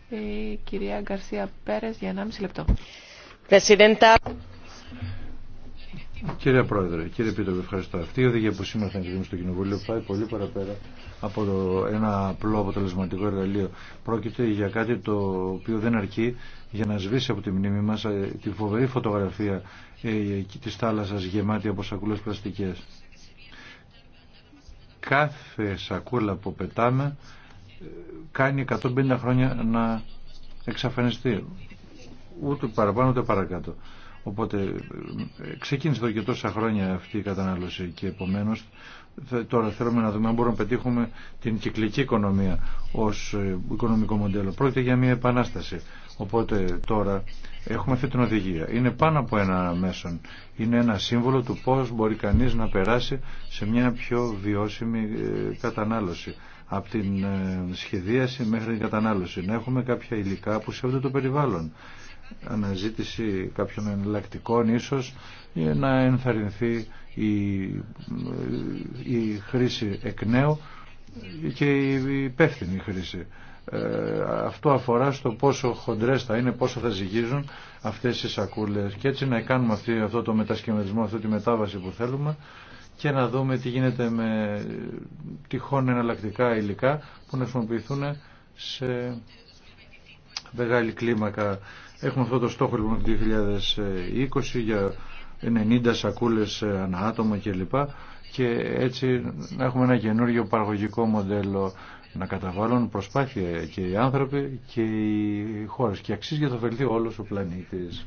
Η κυρία Γκαρσία Πέρες για 1,5 λεπτό. Κύριε Πρόεδρε, κύριε Πίτρο, ευχαριστώ. Αυτή η οδηγία που σήμερα θα εγκρίνουμε στο Κοινοβούλιο πάει πολύ παραπέρα από ένα απλό αποτελεσματικό εργαλείο. Πρόκειται για κάτι το οποίο δεν αρκεί για να σβήσει από τη μνήμη μα ε, τη φοβερή φωτογραφία ε, τη θάλασσα γεμάτη από σακούλε πλαστικέ. Κάθε σακούλα που πετάμε ε, κάνει 150 χρόνια να εξαφανιστεί. Ούτε παραπάνω ούτε παρακάτω. Οπότε ε, ξεκίνησε εδώ και τόσα χρόνια αυτή η κατανάλωση και επομένως τώρα θέλουμε να δούμε αν μπορούμε να πετύχουμε την κυκλική οικονομία ως ε, οικονομικό μοντέλο. Πρόκειται για μια επανάσταση. Οπότε τώρα έχουμε αυτή την οδηγία. Είναι πάνω από ένα μέσον. Είναι ένα σύμβολο του πώς μπορεί κανείς να περάσει σε μια πιο βιώσιμη ε, κατανάλωση. Από την σχεδίαση μέχρι την κατανάλωση. Να έχουμε κάποια υλικά που σέβονται το περιβάλλον αναζήτηση κάποιων εναλλακτικών ίσως για ε, να ενθαρρυνθεί η, ε, η χρήση εκ νέου και η υπεύθυνη χρήση. Ε, αυτό αφορά στο πόσο χοντρές θα είναι, πόσο θα ζυγίζουν αυτές οι σακούλες και έτσι να κάνουμε αυτό το μετασχηματισμό, αυτή τη μετάβαση που θέλουμε και να δούμε τι γίνεται με τυχόν εναλλακτικά υλικά που να χρησιμοποιηθούν σε μεγάλη κλίμακα Έχουμε αυτό το στόχο λοιπόν του 2020 για 90 σακούλες ε, ανά άτομο κλπ. Και έτσι να έχουμε ένα καινούργιο παραγωγικό μοντέλο να καταβάλουν προσπάθεια και οι άνθρωποι και οι χώρες. Και αξίζει για το βελτίο όλος ο πλανήτης.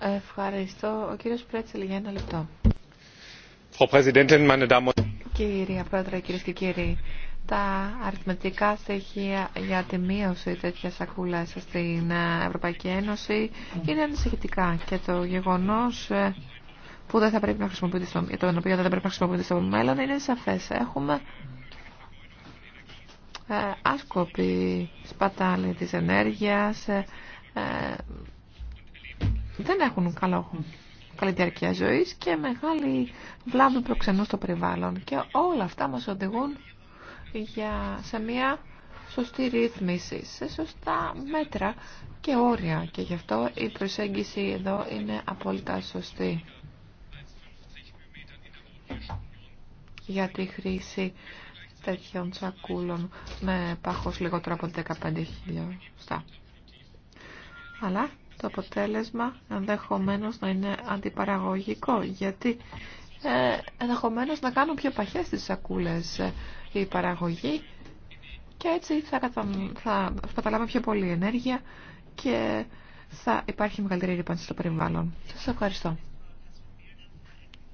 Ευχαριστώ. Ο κύριος Πρέτσελ για ένα λεπτό. Κύριε Πρόεδρε, κυρίε και κύριοι, τα αριθμητικά στοιχεία για τη μείωση τέτοια σακούλα στην ε, Ευρωπαϊκή Ένωση είναι ανησυχητικά και το γεγονό ε, που δεν θα πρέπει να χρησιμοποιείται στο, για τον οποίο δεν πρέπει να χρησιμοποιείται στο μέλλον είναι σαφές. Έχουμε ε, άσκοπη σπατάλη της ενέργειας, ε, δεν έχουν καλό, καλή διαρκεία ζωής και μεγάλη βλάβη προξενού στο περιβάλλον. Και όλα αυτά μας οδηγούν για, σε μια σωστή ρύθμιση, σε σωστά μέτρα και όρια. Και γι' αυτό η προσέγγιση εδώ είναι απόλυτα σωστή. Για τη χρήση τέτοιων σακούλων με πάχος λιγότερο από 15 χιλιοστά. Αλλά το αποτέλεσμα ενδεχομένως να είναι αντιπαραγωγικό, γιατί ενδεχομένως να κάνουν πιο παχές τις σακούλες ε, η παραγωγή και έτσι θα, κατα... καταλάβουμε πιο πολύ ενέργεια και θα υπάρχει μεγαλύτερη ρήπανση στο περιβάλλον. Σας ευχαριστώ.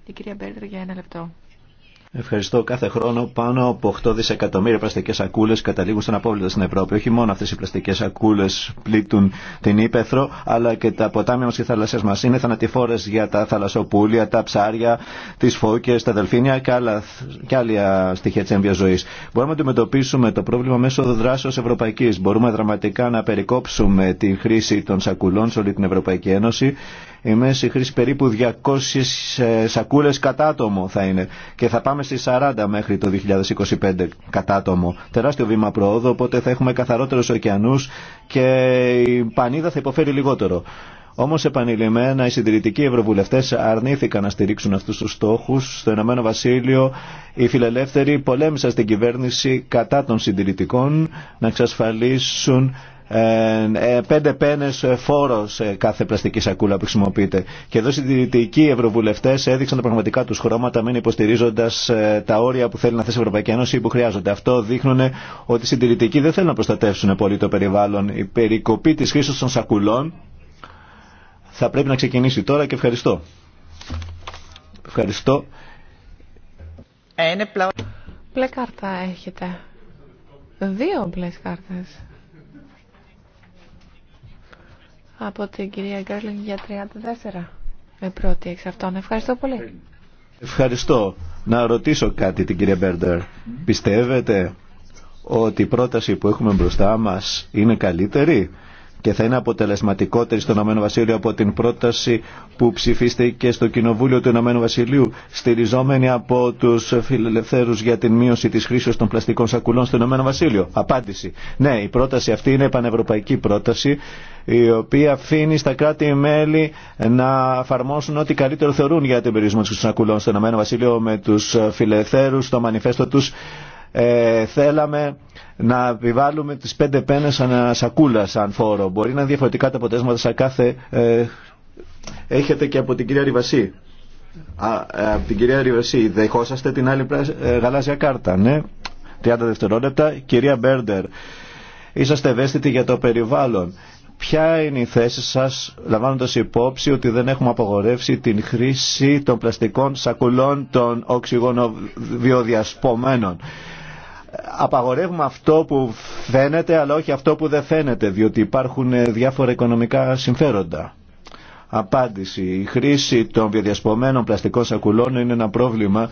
Η κυρία Μπέρδρου για ένα λεπτό. Ευχαριστώ. Κάθε χρόνο πάνω από 8 δισεκατομμύρια πλαστικέ σακούλες καταλήγουν στον απόβλητο στην Ευρώπη. Όχι μόνο αυτέ οι πλαστικέ σακούλες πλήττουν την ύπεθρο, αλλά και τα ποτάμια μα και οι θάλασσέ μα. Είναι θανατηφόρε για τα θαλασσοπούλια, τα ψάρια, τι φώκε, τα δελφίνια και άλλα, και στοιχεία τη έμβια ζωή. Μπορούμε να αντιμετωπίσουμε το πρόβλημα μέσω δράσεω ευρωπαϊκή. Μπορούμε δραματικά να περικόψουμε τη χρήση των σακουλών σε όλη την Ευρωπαϊκή Ένωση η μέση χρήση περίπου 200 ε, σακούλες κατά θα είναι και θα πάμε στις 40 μέχρι το 2025 κατά Τεράστιο βήμα προόδου, οπότε θα έχουμε καθαρότερους ωκεανούς και η πανίδα θα υποφέρει λιγότερο. Όμω επανειλημμένα οι συντηρητικοί ευρωβουλευτέ αρνήθηκαν να στηρίξουν αυτού του στόχου. Στο Ηνωμένο Βασίλειο οι φιλελεύθεροι πολέμησαν στην κυβέρνηση κατά των συντηρητικών να εξασφαλίσουν ε, πέντε πένες ε, φόρος ε, κάθε πλαστική σακούλα που χρησιμοποιείται. Και εδώ οι συντηρητικοί ευρωβουλευτές έδειξαν τα πραγματικά του χρώματα μην υποστηρίζοντας τα όρια που θέλει να θέσει η Ευρωπαϊκή Ένωση ή που χρειάζονται. Αυτό δείχνουν ότι οι συντηρητικοί δεν θέλουν να προστατεύσουν πολύ το περιβάλλον. Η περικοπή της χρήσης των σακουλών θα πρέπει να ξεκινήσει τώρα και ευχαριστώ. Ευχαριστώ. Πλε κάρτα έχετε. Δύο μπλε κάρτες. από την κυρία Γκέρλινγκ για 34. Με πρώτη εξ αυτών. Ευχαριστώ πολύ. Ευχαριστώ. Να ρωτήσω κάτι την κυρία Μπέρντερ. Πιστεύετε ότι η πρόταση που έχουμε μπροστά μας είναι καλύτερη και θα είναι αποτελεσματικότερη στο Ηνωμένο Βασίλειο από την πρόταση που ψηφίστηκε στο Κοινοβούλιο του Ηνωμένου στηριζόμενη από τους φιλελευθέρους για την μείωση της χρήσης των πλαστικών σακουλών στο Ηνωμένο Βασίλειο. Απάντηση. Ναι, η πρόταση αυτή είναι πανευρωπαϊκή πρόταση η οποία αφήνει στα κράτη-μέλη να εφαρμόσουν ό,τι καλύτερο θεωρούν για την περιορισμό της Χρυσανακουλών στο Ηνωμένο Βασίλειο με τους ε, φιλελευθέρους, το μανιφέστο τους. Ε, θέλαμε να επιβάλλουμε τις πέντε πένες σακούλα, σαν φόρο. Μπορεί να είναι διαφορετικά τα αποτέλεσματα σε κάθε... Ε, έχετε και από την κυρία Ριβασί. Ε, από την κυρία Ριβασί, δεχόσαστε την άλλη ε, γαλάζια κάρτα, ναι. 30 δευτερόλεπτα. Κυρία Μπέρντερ, είσαστε ευαίσθητοι για το περιβάλλον. Ποια είναι η θέση σας λαμβάνοντας υπόψη ότι δεν έχουμε απογορεύσει την χρήση των πλαστικών σακουλών των οξυγονοβιοδιασπομένων. Απαγορεύουμε αυτό που φαίνεται αλλά όχι αυτό που δεν φαίνεται διότι υπάρχουν διάφορα οικονομικά συμφέροντα. Απάντηση. Η χρήση των βιοδιασπομένων πλαστικών σακουλών είναι ένα πρόβλημα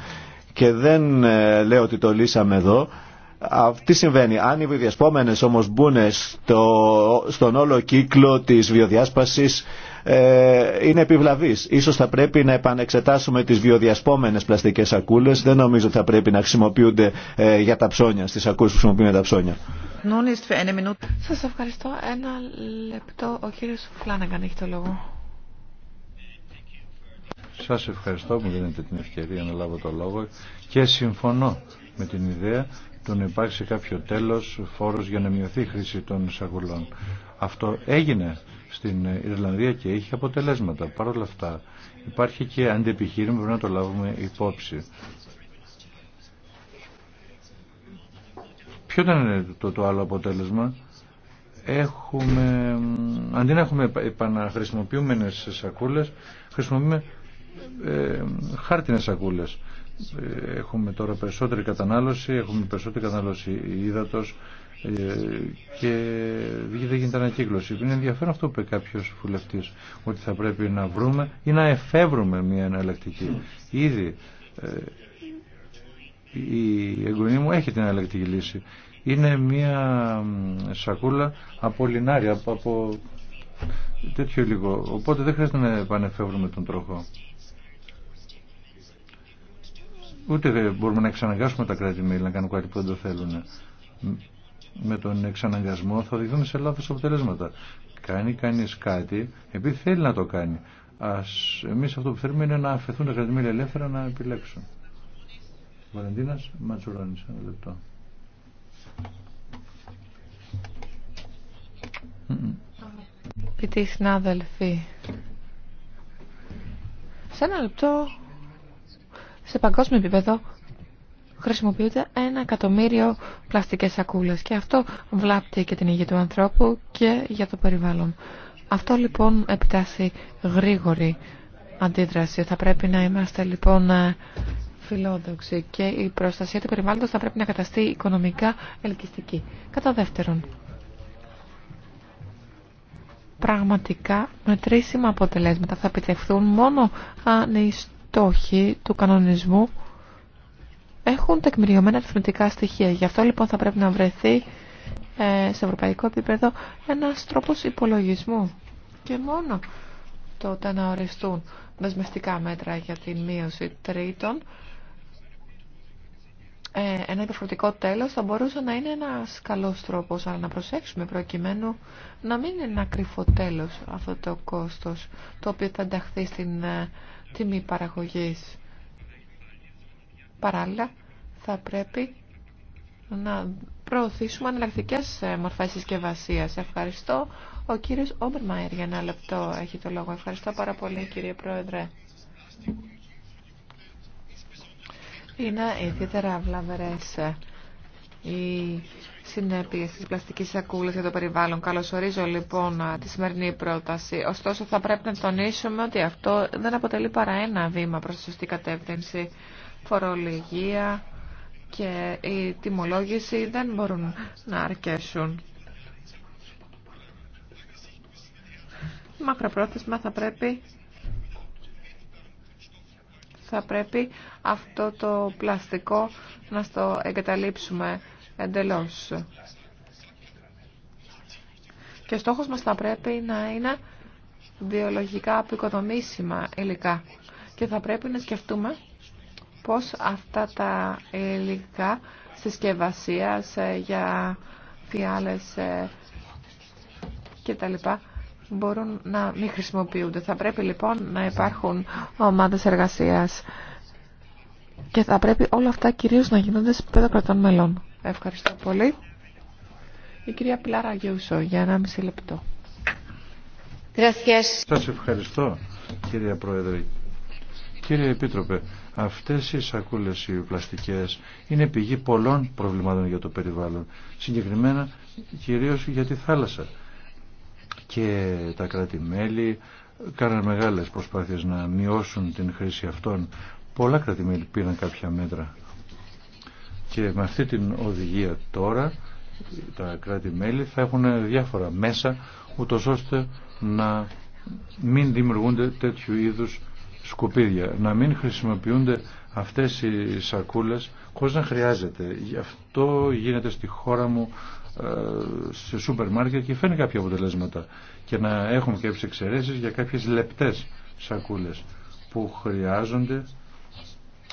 και δεν ε, λέω ότι το λύσαμε εδώ Α, τι συμβαίνει, αν οι βιδιασπόμενες όμως μπουν στον όλο κύκλο της βιοδιάσπασης ε, είναι επιβλαβής. Ίσως θα πρέπει να επανεξετάσουμε τις βιοδιασπόμενες πλαστικές σακούλες. Δεν νομίζω ότι θα πρέπει να χρησιμοποιούνται ε, για τα ψώνια, στις σακούλες που χρησιμοποιούν τα ψώνια. Σας ευχαριστώ. Ένα λεπτό. Ο κύριος Φλάνεγκαν έχει το λόγο. Σας ευχαριστώ που μου δίνετε την ευκαιρία να λάβω το λόγο και συμφωνώ με την ιδέα του να υπάρξει κάποιο τέλος φόρος για να μειωθεί η χρήση των σακουλών. Αυτό έγινε στην Ιρλανδία και είχε αποτελέσματα. Παρ' όλα αυτά υπάρχει και αντεπιχείρημα που να το λάβουμε υπόψη. Ποιο ήταν το, άλλο αποτέλεσμα. Έχουμε, αντί να έχουμε επαναχρησιμοποιούμενες σακούλες, χρησιμοποιούμε ε, χάρτινες σακούλες έχουμε τώρα περισσότερη κατανάλωση, έχουμε περισσότερη κατανάλωση ύδατος ε, και δεν γίνεται ανακύκλωση. Είναι ενδιαφέρον αυτό που είπε κάποιο βουλευτή, ότι θα πρέπει να βρούμε ή να εφεύρουμε μια εναλλακτική. Ήδη ε, η εγγονή μου έχει την εναλλακτική λύση. Είναι μια σακούλα από λινάρι, από τέτοιο υλικό. Οπότε δεν χρειάζεται να εφευρουμε μια εναλλακτικη ηδη η εγγονη μου εχει την εναλλακτικη λυση ειναι μια σακουλα απο λιναρι απο τετοιο λιγο οποτε δεν χρειαζεται να επανεφευρουμε τον τροχό. Ούτε μπορούμε να εξαναγκάσουμε τα κράτη-μέλη να κάνουν κάτι που δεν το θέλουν. Με τον εξαναγκασμό θα οδηγηθούμε σε λάθος αποτελέσματα. Κάνει κάνει κάτι επειδή θέλει να το κάνει. Ας, εμείς αυτό που θέλουμε είναι να αφαιθούν τα κράτη-μέλη ελεύθερα να επιλέξουν. Βαλεντίνας Ματσουράνη, ένα λεπτό. Ποιτή συνάδελφοι, σε ένα λεπτό σε παγκόσμιο επίπεδο χρησιμοποιούνται ένα εκατομμύριο πλαστικές σακούλες και αυτό βλάπτει και την υγεία του ανθρώπου και για το περιβάλλον. Αυτό λοιπόν επιτάσσει γρήγορη αντίδραση. Θα πρέπει να είμαστε λοιπόν ε, φιλόδοξοι και η προστασία του περιβάλλοντος θα πρέπει να καταστεί οικονομικά ελκυστική. Κατά δεύτερον, πραγματικά μετρήσιμα αποτελέσματα θα επιτευχθούν μόνο αν οι στόχοι του κανονισμού έχουν τεκμηριωμένα αριθμητικά στοιχεία. Γι' αυτό λοιπόν θα πρέπει να βρεθεί ε, σε ευρωπαϊκό επίπεδο ένας τρόπος υπολογισμού και μόνο τότε να οριστούν δεσμευτικά μέτρα για την μείωση τρίτων ε, ένα διαφορετικό τέλος θα μπορούσε να είναι ένας καλός τρόπος αλλά να προσέξουμε προκειμένου να μην είναι ένα κρυφό τέλος αυτό το κόστος το οποίο θα ενταχθεί στην ε, τιμή παραγωγής. Παράλληλα, θα πρέπει να προωθήσουμε αναλλακτικέ ε, μορφέ συσκευασία. Ευχαριστώ. Ο κύριο Όμπερμαϊρ για ένα λεπτό έχει το λόγο. Ευχαριστώ πάρα πολύ, κύριε Πρόεδρε. Είναι ιδιαίτερα βλαβερέ ε, συνέπειες της πλαστικής σακούλας για το περιβάλλον. Καλωσορίζω λοιπόν τη σημερινή πρόταση. Ωστόσο θα πρέπει να τονίσουμε ότι αυτό δεν αποτελεί παρά ένα βήμα προς τη σωστή κατεύθυνση. Φορολογία και η τιμολόγηση δεν μπορούν να αρκέσουν. Μακροπρόθεσμα θα πρέπει θα πρέπει αυτό το πλαστικό να στο εγκαταλείψουμε εντελώς. Και στόχος μας θα πρέπει να είναι βιολογικά αποικοδομήσιμα υλικά. Και θα πρέπει να σκεφτούμε πώς αυτά τα υλικά συσκευασία ε, για φιάλες ε, και τα λοιπά μπορούν να μην χρησιμοποιούνται. Θα πρέπει λοιπόν να υπάρχουν ομάδες εργασίας και θα πρέπει όλα αυτά κυρίως να γίνονται σε πέτα κρατών μελών. Ευχαριστώ πολύ. Η κυρία Πιλάρα Γιούσο, για ένα μισή λεπτό. Σας ευχαριστώ, κυρία Πρόεδρε. Κύριε Επίτροπε, αυτές οι σακούλες οι πλαστικές είναι πηγή πολλών προβλημάτων για το περιβάλλον. Συγκεκριμένα κυρίως για τη θάλασσα. Και τα κράτη-μέλη κάναν μεγάλες προσπάθειες να μειώσουν την χρήση αυτών. Πολλά κράτη-μέλη πήραν κάποια μέτρα. Και με αυτή την οδηγία τώρα τα κράτη-μέλη θα έχουν διάφορα μέσα ούτως ώστε να μην δημιουργούνται τέτοιου είδους σκουπίδια, να μην χρησιμοποιούνται αυτές οι σακούλες χωρίς να χρειάζεται. Γι' αυτό γίνεται στη χώρα μου ε, σε σούπερ μάρκετ και φαίνεται κάποια αποτελέσματα και να έχουμε και εξαιρέσεις για κάποιες λεπτές σακούλες που χρειάζονται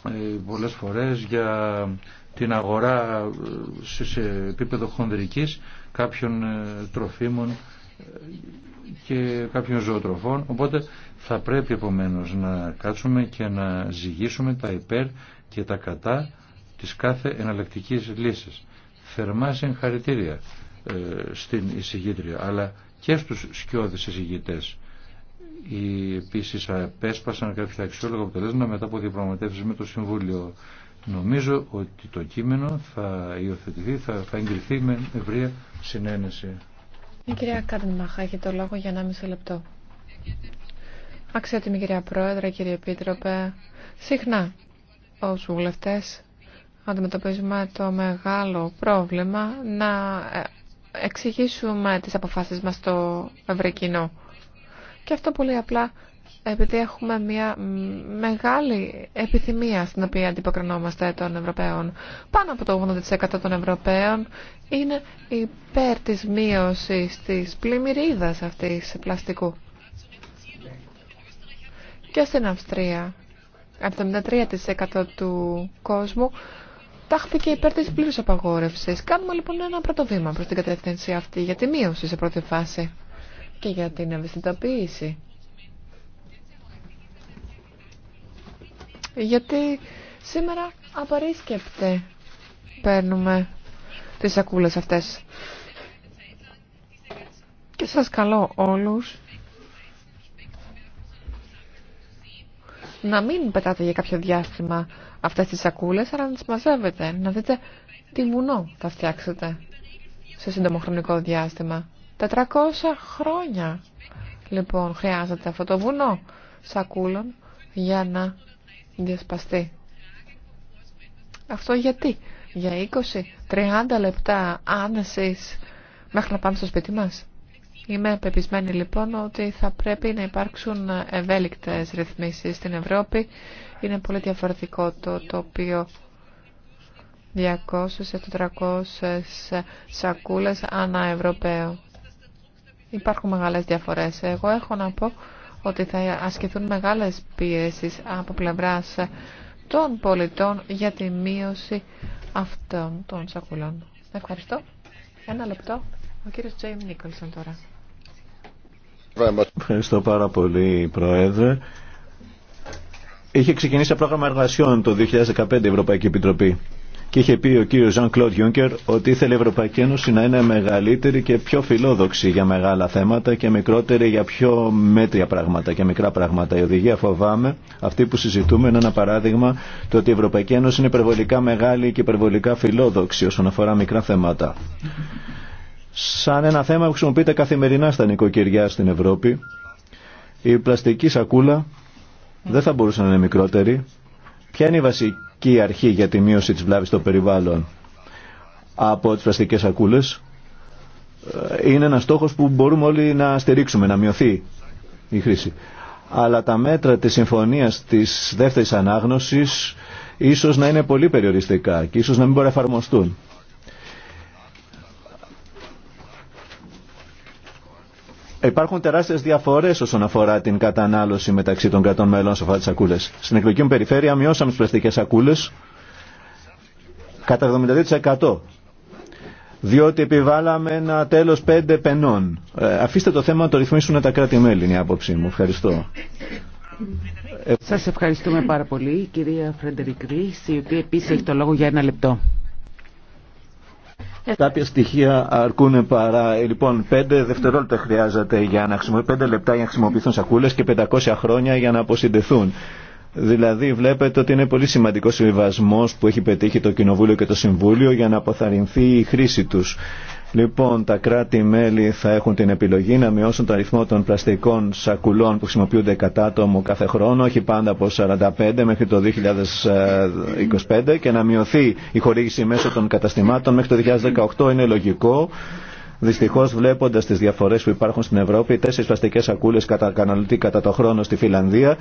ε, πολλές φορές για την αγορά ε, σε επίπεδο χονδρικής κάποιων ε, τροφίμων ε, και κάποιων ζωοτροφών οπότε θα πρέπει επομένως να κάτσουμε και να ζυγίσουμε τα υπέρ και τα κατά της κάθε εναλλακτικής λύσης θερμά συγχαρητήρια στην εισηγήτρια αλλά και στους σκιώδεις εισηγητές οι επίσης απέσπασαν κάποια αξιόλογα αποτελέσματα μετά από διαπραγματεύσεις με το Συμβούλιο Νομίζω ότι το κείμενο θα υιοθετηθεί, θα, θα εγκριθεί με ευρεία συνένεση. Η κυρία Κάντενμαχα έχει το λόγο για 1,5 λεπτό. Αξιότιμη κυρία Πρόεδρε, κύριε Επίτροπε, συχνά ως βουλευτές αντιμετωπίζουμε το μεγάλο πρόβλημα να ε, εξηγήσουμε τις αποφάσεις μας στο ευρύ κοινό. Και αυτό πολύ απλά επειδή έχουμε μια μεγάλη επιθυμία στην οποία αντιποκρινόμαστε των Ευρωπαίων. Πάνω από το 80% των Ευρωπαίων είναι υπέρ της μείωσης της πλημμυρίδας αυτής πλαστικού. Και στην Αυστρία, 73% του κόσμου τάχθηκε υπέρ της πλήρους απαγόρευσης. Κάνουμε λοιπόν ένα πρώτο βήμα προς την κατεύθυνση αυτή για τη μείωση σε πρώτη φάση και για την ευαισθητοποίηση γιατί σήμερα απαρίσκεπτε παίρνουμε τις σακούλες αυτές. Και σας καλώ όλους να μην πετάτε για κάποιο διάστημα αυτές τις σακούλες, αλλά να τις μαζεύετε, να δείτε τι βουνό θα φτιάξετε σε σύντομο χρονικό διάστημα. 400 χρόνια λοιπόν χρειάζεται αυτό το βουνό σακούλων για να διασπαστεί. Αυτό γιατί για 20-30 λεπτά άνεσης μέχρι να πάμε στο σπίτι μας. Είμαι πεπισμένη λοιπόν ότι θα πρέπει να υπάρξουν ευέλικτες ρυθμίσεις στην Ευρώπη. Είναι πολύ διαφορετικό το τοπίο 200-400 σακούλες ανά Ευρωπαίο. Υπάρχουν μεγάλες διαφορές. Εγώ έχω να πω ότι θα ασκηθούν μεγάλες πιέσεις από πλευράς των πολιτών για τη μείωση αυτών των σακουλών. Ευχαριστώ. Ένα λεπτό. Ο κύριος Τζέιμ Νίκολσον τώρα. Ευχαριστώ πάρα πολύ, Πρόεδρε. Είχε ξεκινήσει το πρόγραμμα εργασιών το 2015 η Ευρωπαϊκή Επιτροπή και είχε πει ο κύριος Ζαν Κλοντ Γιούγκερ ότι ήθελε η Ευρωπαϊκή Ένωση να είναι μεγαλύτερη και πιο φιλόδοξη για μεγάλα θέματα και μικρότερη για πιο μέτρια πράγματα και μικρά πράγματα. Η οδηγία φοβάμαι, αυτή που συζητούμε είναι ένα παράδειγμα το ότι η Ευρωπαϊκή Ένωση είναι υπερβολικά μεγάλη και υπερβολικά φιλόδοξη όσον αφορά μικρά θέματα. Σαν ένα θέμα που χρησιμοποιείται καθημερινά στα νοικοκυριά στην Ευρώπη, η πλαστική σακούλα δεν θα μπορούσε να είναι μικρότερη, Ποια είναι η βασική αρχή για τη μείωση της βλάβης των περιβάλλων από τις πλαστικές σακούλες. Ε, είναι ένας στόχος που μπορούμε όλοι να στηρίξουμε, να μειωθεί η χρήση. Αλλά τα μέτρα της συμφωνίας της δεύτερης ανάγνωσης ίσως να είναι πολύ περιοριστικά και ίσως να μην μπορεί να εφαρμοστούν. Υπάρχουν τεράστιε διαφορέ όσον αφορά την κατανάλωση μεταξύ των κρατών μελών σε αυτά σακούλε. Στην εκλογική μου περιφέρεια μειώσαμε τι πλαστικέ σακούλε κατά 72%. Διότι επιβάλαμε ένα τέλος πέντε πενών. Ε, αφήστε το θέμα να το ρυθμίσουν τα κράτη-μέλη, είναι η άποψή μου. Ευχαριστώ. Ε, Σα ευχαριστούμε πάρα πολύ, κυρία Ρίση, η οποία επίση έχει το λόγο για ένα λεπτό. Ε. Κάποια στοιχεία αρκούν παρά. Λοιπόν, πέντε δευτερόλεπτα χρειάζεται για να χρησιμοποιηθούν, πέντε λεπτά για να χρησιμοποιηθούν σακούλες και 500 χρόνια για να αποσυντεθούν. Δηλαδή βλέπετε ότι είναι πολύ σημαντικό συμβιβασμό που έχει πετύχει το Κοινοβούλιο και το Συμβούλιο για να αποθαρρυνθεί η χρήση του. Λοιπόν, τα κράτη-μέλη θα έχουν την επιλογή να μειώσουν τον αριθμό των πλαστικών σακουλών που χρησιμοποιούνται κατά άτομο κάθε χρόνο, όχι πάντα από 45 μέχρι το 2025 και να μειωθεί η χορήγηση μέσω των καταστημάτων μέχρι το 2018 είναι λογικό. Δυστυχώ, βλέποντα τι διαφορέ που υπάρχουν στην Ευρώπη, τέσσερι πλαστικέ σακούλε καταναλωτή κατά το χρόνο στη Φιλανδία,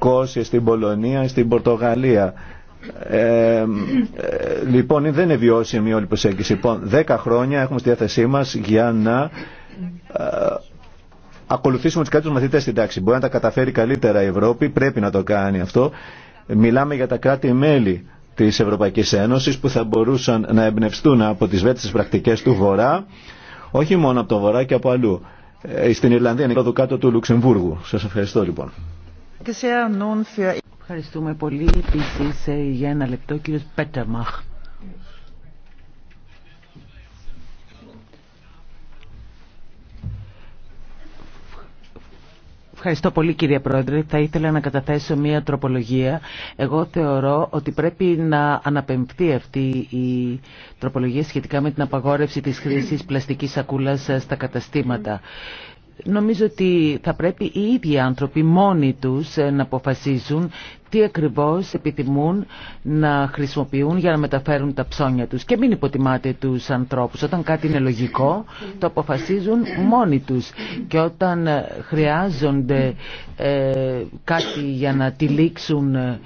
400 στην Πολωνία, στην Πορτογαλία. Ε, ε, λοιπόν, δεν είναι βιώσιμη όλη η προσέγγιση. Λοιπόν, δέκα χρόνια έχουμε στη διάθεσή μα για να ε, ακολουθήσουμε του καλύτερου μαθητέ στην τάξη. Μπορεί να τα καταφέρει καλύτερα η Ευρώπη, πρέπει να το κάνει αυτό. Μιλάμε για τα κράτη-μέλη τη Ευρωπαϊκή Ένωση που θα μπορούσαν να εμπνευστούν από τι βέτε πρακτικέ του Βορρά, όχι μόνο από τον Βορρά και από αλλού. Ε, στην Ιρλανδία είναι το κάτω του Λουξεμβούργου. Σα ευχαριστώ λοιπόν. Ευχαριστούμε πολύ. Επίση ε, για ένα λεπτό, κύριο Πέταμαχ. Ευχαριστώ πολύ κύριε Πρόεδρε. Θα ήθελα να καταθέσω μία τροπολογία. Εγώ θεωρώ ότι πρέπει να αναπαιμφθεί αυτή η τροπολογία σχετικά με την απαγόρευση της χρήσης πλαστικής σακούλας στα καταστήματα. Νομίζω ότι θα πρέπει οι ίδιοι άνθρωποι μόνοι τους να αποφασίζουν τι ακριβώς επιτιμούν να χρησιμοποιούν για να μεταφέρουν τα ψώνια τους. Και μην υποτιμάτε τους ανθρώπους. Όταν κάτι είναι λογικό, το αποφασίζουν μόνοι τους. Και όταν ε, χρειάζονται ε, κάτι για να τυλίξουν ε,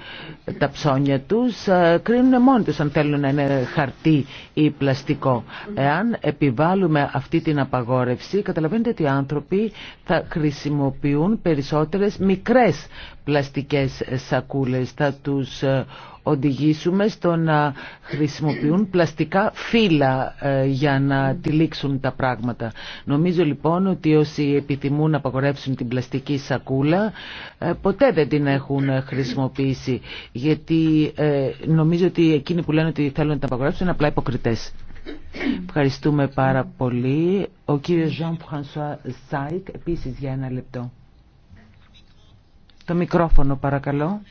τα ψώνια τους, ε, κρίνουν μόνοι τους αν θέλουν να είναι χαρτί ή πλαστικό. Εάν επιβάλλουμε αυτή την απαγόρευση, καταλαβαίνετε ότι οι άνθρωποι θα χρησιμοποιούν περισσότερες μικρές πλαστικές σακούλες. Θα τους ε, οδηγήσουμε στο να χρησιμοποιούν πλαστικά φύλλα ε, για να τυλίξουν τα πράγματα. Νομίζω λοιπόν ότι όσοι επιθυμούν να απαγορεύσουν την πλαστική σακούλα ε, ποτέ δεν την έχουν χρησιμοποιήσει γιατί νομίζω ότι εκείνοι που λένε ότι θέλουν να τα απαγορεύσουν είναι απλά υποκριτές. Ευχαριστούμε πάρα πολύ. Ο κύριος Jean-François Σάικ επίσης για ένα λεπτό. Το μικρόφωνο παρακαλώ.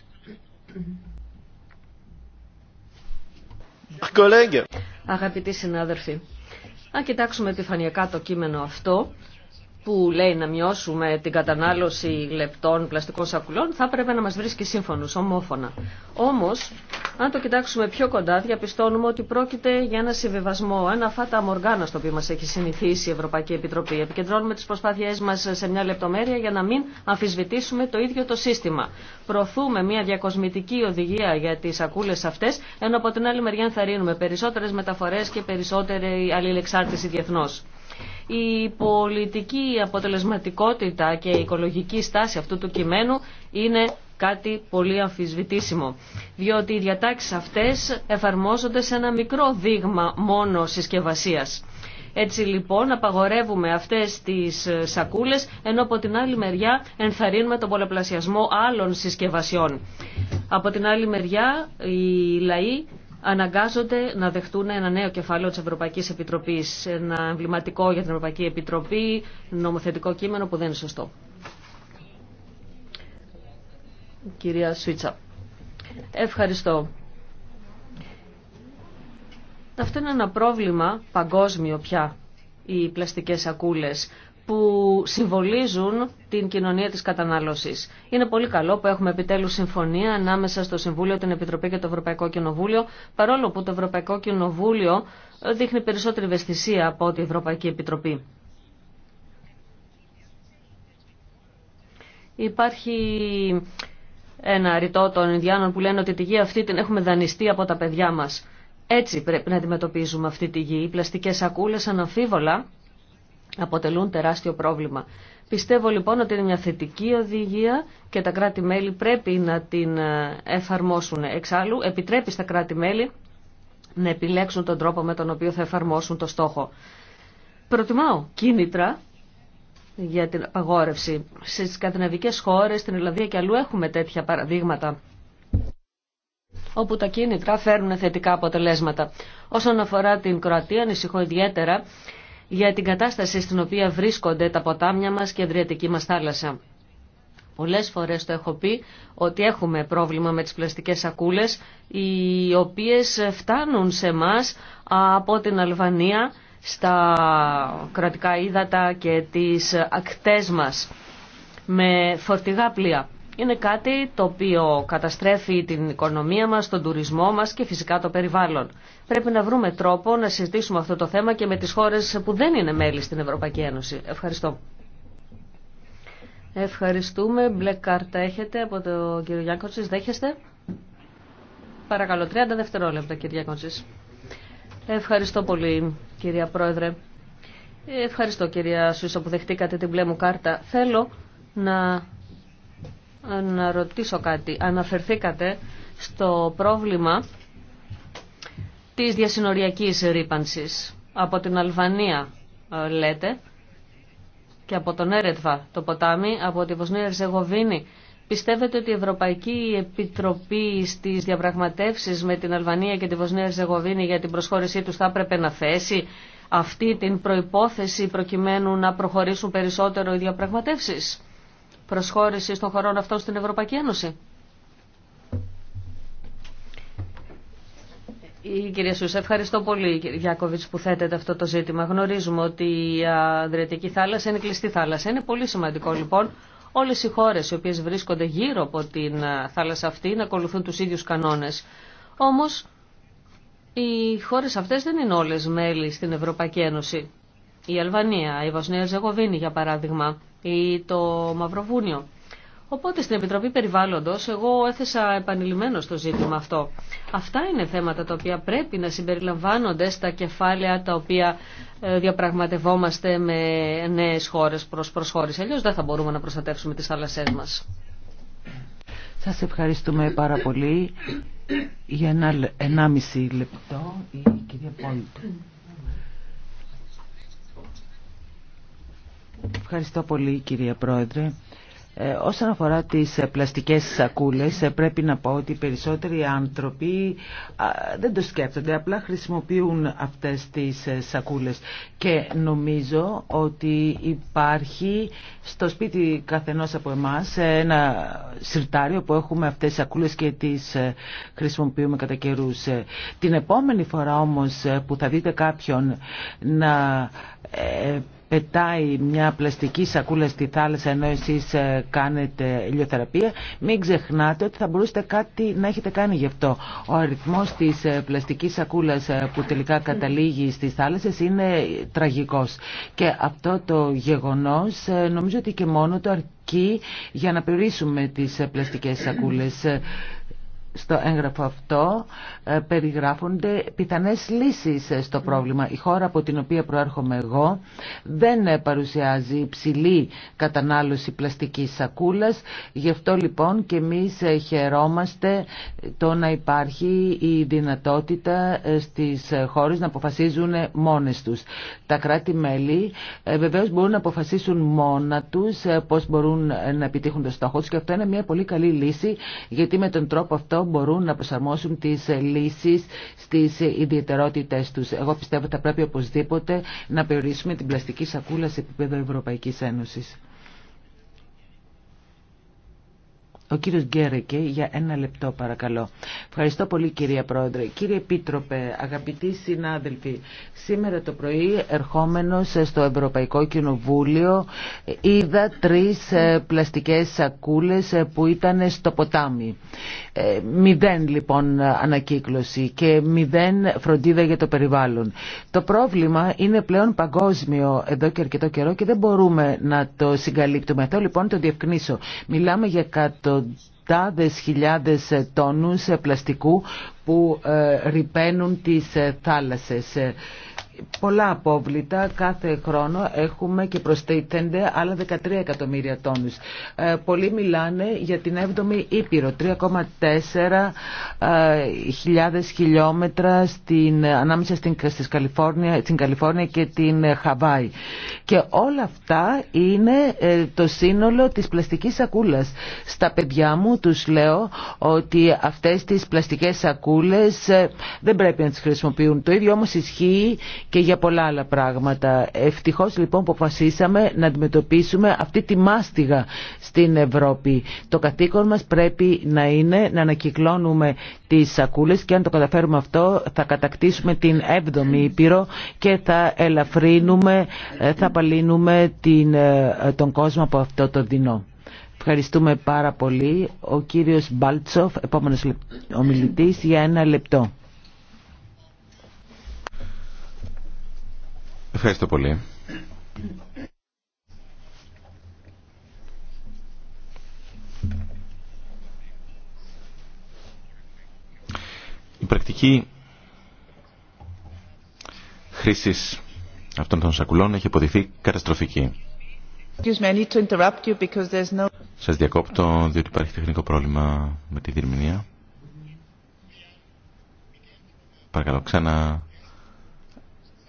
Αγαπητοί συνάδελφοι, αν κοιτάξουμε επιφανειακά το κείμενο αυτό, που λέει να μειώσουμε την κατανάλωση λεπτών πλαστικών σακουλών θα έπρεπε να μας βρίσκει σύμφωνος, ομόφωνα. Όμως, αν το κοιτάξουμε πιο κοντά, διαπιστώνουμε ότι πρόκειται για ένα συμβιβασμό, ένα φάτα μοργάνα στο οποίο μας έχει συνηθίσει η Ευρωπαϊκή Επιτροπή. Επικεντρώνουμε τις προσπάθειές μας σε μια λεπτομέρεια για να μην αμφισβητήσουμε το ίδιο το σύστημα. Προωθούμε μια διακοσμητική οδηγία για τις σακούλες αυτές, ενώ από την άλλη μεριά ενθαρρύνουμε περισσότερες μεταφορές και περισσότερη αλληλεξάρτηση διεθνώς. Η πολιτική αποτελεσματικότητα και η οικολογική στάση αυτού του κειμένου είναι κάτι πολύ αμφισβητήσιμο. Διότι οι διατάξεις αυτές εφαρμόζονται σε ένα μικρό δείγμα μόνο συσκευασία. Έτσι λοιπόν απαγορεύουμε αυτές τις σακούλες, ενώ από την άλλη μεριά ενθαρρύνουμε τον πολλαπλασιασμό άλλων συσκευασιών. Από την άλλη μεριά οι λαοί αναγκάζονται να δεχτούν ένα νέο κεφάλαιο της Ευρωπαϊκής Επιτροπής, ένα εμβληματικό για την Ευρωπαϊκή Επιτροπή, νομοθετικό κείμενο που δεν είναι σωστό. Κυρία Σουίτσα. Ευχαριστώ. Αυτό είναι ένα πρόβλημα παγκόσμιο πια, οι πλαστικές σακούλες που συμβολίζουν την κοινωνία της κατανάλωσης. Είναι πολύ καλό που έχουμε επιτέλους συμφωνία ανάμεσα στο Συμβούλιο, την Επιτροπή και το Ευρωπαϊκό Κοινοβούλιο, παρόλο που το Ευρωπαϊκό Κοινοβούλιο ε, δείχνει περισσότερη ευαισθησία από την Ευρωπαϊκή Επιτροπή. Υπάρχει ένα ρητό των Ινδιάνων που λένε ότι τη γη αυτή την έχουμε δανειστεί από τα παιδιά μας. Έτσι πρέπει να αντιμετωπίζουμε αυτή τη γη. Οι πλαστικές σακούλες αναμφίβολα αποτελούν τεράστιο πρόβλημα. Πιστεύω λοιπόν ότι είναι μια θετική οδηγία και τα κράτη-μέλη πρέπει να την ε, εφαρμόσουν. Εξάλλου, επιτρέπει στα κράτη-μέλη να επιλέξουν τον τρόπο με τον οποίο θα εφαρμόσουν το στόχο. Προτιμάω κίνητρα για την απαγόρευση. Σε σκανδιναβικές χώρες, στην Ελλαδία και αλλού έχουμε τέτοια παραδείγματα όπου τα κίνητρα φέρνουν θετικά αποτελέσματα. Όσον αφορά την Κροατία, ανησυχώ ιδιαίτερα για την κατάσταση στην οποία βρίσκονται τα ποτάμια μας και η αδριατική μας θάλασσα. Πολλές φορές το έχω πει ότι έχουμε πρόβλημα με τις πλαστικές σακούλες οι οποίες φτάνουν σε μας από την Αλβανία στα κρατικά ύδατα και τις ακτές μας με φορτηγά πλοία είναι κάτι το οποίο καταστρέφει την οικονομία μας, τον τουρισμό μας και φυσικά το περιβάλλον. Πρέπει να βρούμε τρόπο να συζητήσουμε αυτό το θέμα και με τις χώρες που δεν είναι μέλη στην Ευρωπαϊκή Ένωση. Ευχαριστώ. Ευχαριστούμε. Μπλε κάρτα έχετε από τον κύριο Γιάνκοτσης. Δέχεστε. Παρακαλώ, 30 δευτερόλεπτα κύριε Γιάνκοτσης. Ευχαριστώ πολύ κυρία Πρόεδρε. Ευχαριστώ κυρία Σούσα που δεχτήκατε την μπλε μου κάρτα. Θέλω να να ρωτήσω κάτι. Αναφερθήκατε στο πρόβλημα της διασυνοριακής ρήπανσης. Από την Αλβανία ε, λέτε και από τον Έρετβα το ποτάμι, από τη Βοσνία Ερζεγοβίνη. Πιστεύετε ότι η Ευρωπαϊκή Επιτροπή στις διαπραγματεύσεις με την Αλβανία και τη Βοσνία Ερζεγοβίνη για την προσχώρησή τους θα έπρεπε να θέσει αυτή την προϋπόθεση προκειμένου να προχωρήσουν περισσότερο οι διαπραγματεύσεις. Προσχώρηση των χωρών αυτών στην Ευρωπαϊκή Ένωση. Η κυρία ευχαριστώ πολύ κύριε Γιάκοβιτς που θέτετε αυτό το ζήτημα. Γνωρίζουμε ότι η Αδριατική θάλασσα είναι κλειστή θάλασσα. Είναι πολύ σημαντικό λοιπόν όλες οι χώρες οι οποίες βρίσκονται γύρω από την θάλασσα αυτή να ακολουθούν τους ίδιους κανόνες. Όμως οι χώρες αυτές δεν είναι όλες μέλη στην Ευρωπαϊκή Ένωση. Η Αλβανία, η Βοσνία Ζεγοβίνη για παράδειγμα ή το Μαυροβούνιο. Οπότε στην Επιτροπή Περιβάλλοντος εγώ έθεσα επανειλημμένο στο ζήτημα αυτό. Αυτά είναι θέματα τα οποία πρέπει να συμπεριλαμβάνονται στα κεφάλαια τα οποία ε, διαπραγματευόμαστε με νέες χώρες προς προσχώρηση. αλλιώ. δεν θα μπορούμε να προστατεύσουμε τις θάλασσές μας. Σας ευχαριστούμε πάρα πολύ. Για ένα, 1,5 λεπτό η κυρία Πόλτου. Ευχαριστώ πολύ κυρία Πρόεδρε. Ε, όσον αφορά τις ε, πλαστικές σακούλες ε, πρέπει να πω ότι οι περισσότεροι άνθρωποι δεν το σκέφτονται, απλά χρησιμοποιούν αυτές τις σακούλες και νομίζω ότι υπάρχει στο σπίτι καθενός από εμάς ένα συρτάριο που έχουμε αυτές τις σακούλες και τις χρησιμοποιούμε κατά καιρού. Την επόμενη φορά όμως που θα δείτε κάποιον να πετάει μια πλαστική σακούλα στη θάλασσα ενώ εσείς ε, κάνετε ηλιοθεραπεία, μην ξεχνάτε ότι θα μπορούσατε κάτι να έχετε κάνει γι' αυτό. Ο αριθμός της ε, πλαστικής σακούλας ε, που τελικά καταλήγει στις θάλασσες είναι τραγικός. Και αυτό το γεγονός νομίζω ότι και μόνο το αρκεί για να περιορίσουμε τις πλαστικές σακούλες στο έγγραφο αυτό ε, περιγράφονται πιθανές λύσεις ε, στο πρόβλημα. Η χώρα από την οποία προέρχομαι εγώ δεν ε, παρουσιάζει υψηλή κατανάλωση πλαστικής σακούλας. Γι' αυτό λοιπόν και εμείς χαιρόμαστε το να υπάρχει η δυνατότητα στις χώρες να αποφασίζουν μόνες τους. Τα κράτη-μέλη βεβαίως μπορούν να αποφασίσουν μόνα τους πώς μπορούν να επιτύχουν το στόχο τους και αυτό είναι μια πολύ καλή λύση γιατί με τον τρόπο αυτό μπορούν να προσαρμόσουν τις ε, λύσεις στις ε, ιδιαιτερότητες τους. Εγώ πιστεύω ότι θα πρέπει οπωσδήποτε να περιορίσουμε την πλαστική σακούλα σε επίπεδο Ευρωπαϊκής Ένωσης. Ο κύριος Γκέρεκε, για ένα λεπτό παρακαλώ. Ευχαριστώ πολύ κυρία Πρόεδρε. Κύριε Επίτροπε, αγαπητοί συνάδελφοι, σήμερα το πρωί ερχόμενος στο Ευρωπαϊκό Κοινοβούλιο είδα τρεις ε, πλαστικές σακούλες ε, που ήταν στο ποτάμι. Ε, μηδέν λοιπόν ανακύκλωση και μηδέν φροντίδα για το περιβάλλον. Το πρόβλημα είναι πλέον παγκόσμιο εδώ και αρκετό καιρό και δεν μπορούμε να το συγκαλύπτουμε. Θέλω λοιπόν το διευκνήσω. Μιλάμε για κάτω εκατοντάδες χιλιάδες τόνους πλαστικού που ε, ρηπαίνουν τις ε, θάλασσες πολλά απόβλητα κάθε χρόνο έχουμε και προστίθενται άλλα 13 εκατομμύρια τόνους. Ε, πολλοί μιλάνε για την 7η Ήπειρο, 3,4 ε, χιλιάδες χιλιόμετρα στην, ανάμεσα στην, στην, Καλιφόρνια, στην Καλιφόρνια και την ε, Χαβάη. Και όλα αυτά είναι το σύνολο της πλαστικής σακούλας. Στα παιδιά μου τους λέω ότι αυτές τις πλαστικές σακούλες δεν πρέπει να τις χρησιμοποιούν. Το ίδιο όμως ισχύει και για πολλά άλλα πράγματα. Ευτυχώς λοιπόν που αποφασίσαμε να αντιμετωπίσουμε αυτή τη μάστιγα στην Ευρώπη. Το καθήκον μας πρέπει να είναι να ανακυκλώνουμε τις σακούλες και αν το καταφέρουμε αυτό θα κατακτήσουμε την 7η Ήπειρο και θα ελαφρύνουμε, ε, θα απαλύνουμε ε, τον κόσμο από αυτό το δεινό. Ευχαριστούμε πάρα πολύ. Ο κύριος Μπάλτσοφ, επόμενος ομιλητής, για ένα λεπτό. Ευχαριστώ πολύ. Η πρακτική χρήση αυτών των σακουλών έχει αποδειχθεί καταστροφική. No... Σα διακόπτω διότι υπάρχει τεχνικό πρόβλημα με τη διερμηνία. Παρακαλώ, ξανά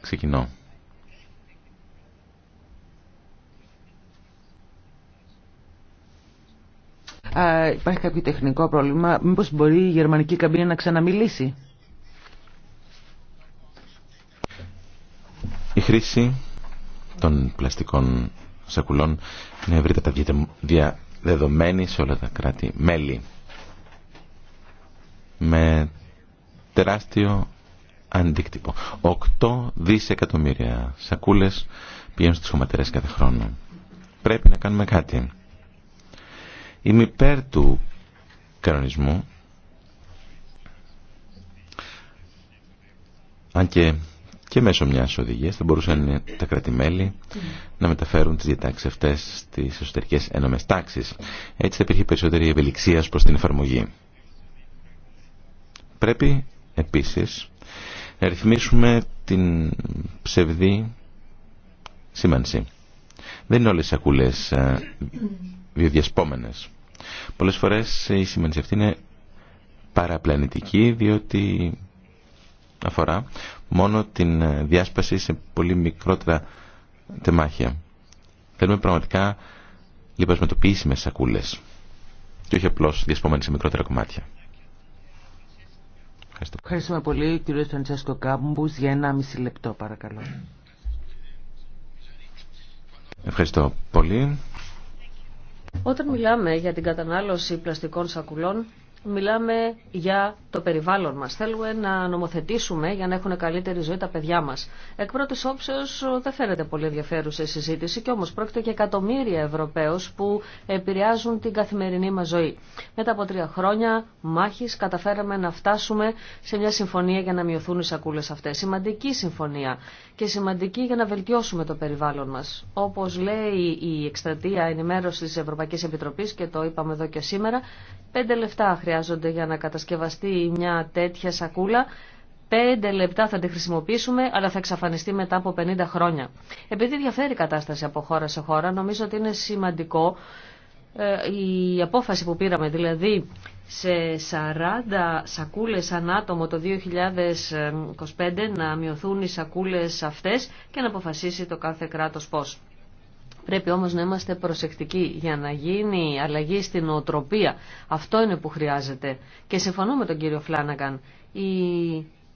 ξεκινώ. υπάρχει κάποιο τεχνικό πρόβλημα. Μήπως μπορεί η γερμανική καμπίνα να ξαναμιλήσει. Η χρήση των πλαστικών σακουλών είναι ευρύτατα διαδεδομένη σε όλα τα κράτη-μέλη με τεράστιο αντίκτυπο. 8 δισεκατομμύρια σακούλες πηγαίνουν στις χωματερές κάθε χρόνο. Πρέπει να κάνουμε κάτι. Είμαι υπέρ του κανονισμού, αν και, και μέσω μιας οδηγίας θα μπορούσαν τα κρατημέλη να μεταφέρουν τις διατάξεις αυτές στις εσωτερικές ένομες τάξεις. Έτσι θα υπήρχε περισσότερη ευελιξία προς την εφαρμογή. Πρέπει επίσης να ρυθμίσουμε την ψευδή σήμανση. Δεν είναι όλες οι σακούλες ε, βιοδιασπόμενες. Πολλές φορές η σημαντική αυτή είναι παραπλανητική διότι αφορά μόνο την διάσπαση σε πολύ μικρότερα τεμάχια. Θέλουμε πραγματικά λιπασματοποιήσιμες σακούλες και όχι απλώς διασπόμενες σε μικρότερα κομμάτια. Ευχαριστώ. Ευχαριστούμε πολύ κύριο Φαντσέσκο Κάμπους για 1,5 λεπτό παρακαλώ. Ευχαριστώ πολύ. Όταν μιλάμε για την κατανάλωση πλαστικών σακουλών, μιλάμε για το περιβάλλον μας. Θέλουμε να νομοθετήσουμε για να έχουν καλύτερη ζωή τα παιδιά μας. Εκ πρώτης όψεως δεν φαίνεται πολύ ενδιαφέρουσα η συζήτηση και όμως πρόκειται για εκατομμύρια Ευρωπαίους που επηρεάζουν την καθημερινή μας ζωή. Μετά από τρία χρόνια μάχης καταφέραμε να φτάσουμε σε μια συμφωνία για να μειωθούν οι σακούλες αυτές. Σημαντική συμφωνία και σημαντική για να βελτιώσουμε το περιβάλλον μας. Όπως λέει η εκστρατεία ενημέρωση της Ευρωπαϊκής Επιτροπής και το είπαμε εδώ και σήμερα, πέντε λεφτά χρειάζονται για να κατασκευαστεί μια τέτοια σακούλα. Πέντε λεπτά θα τη χρησιμοποιήσουμε, αλλά θα εξαφανιστεί μετά από 50 χρόνια. Επειδή διαφέρει η κατάσταση από χώρα σε χώρα, νομίζω ότι είναι σημαντικό ε, η απόφαση που πήραμε, δηλαδή σε 40 σακούλες ανάτομο το 2025 να μειωθούν οι σακούλες αυτές και να αποφασίσει το κάθε κράτος πώς. Πρέπει όμως να είμαστε προσεκτικοί για να γίνει αλλαγή στην οτροπία. Αυτό είναι που χρειάζεται. Και συμφωνώ με τον κύριο Φλάνακαν. Οι,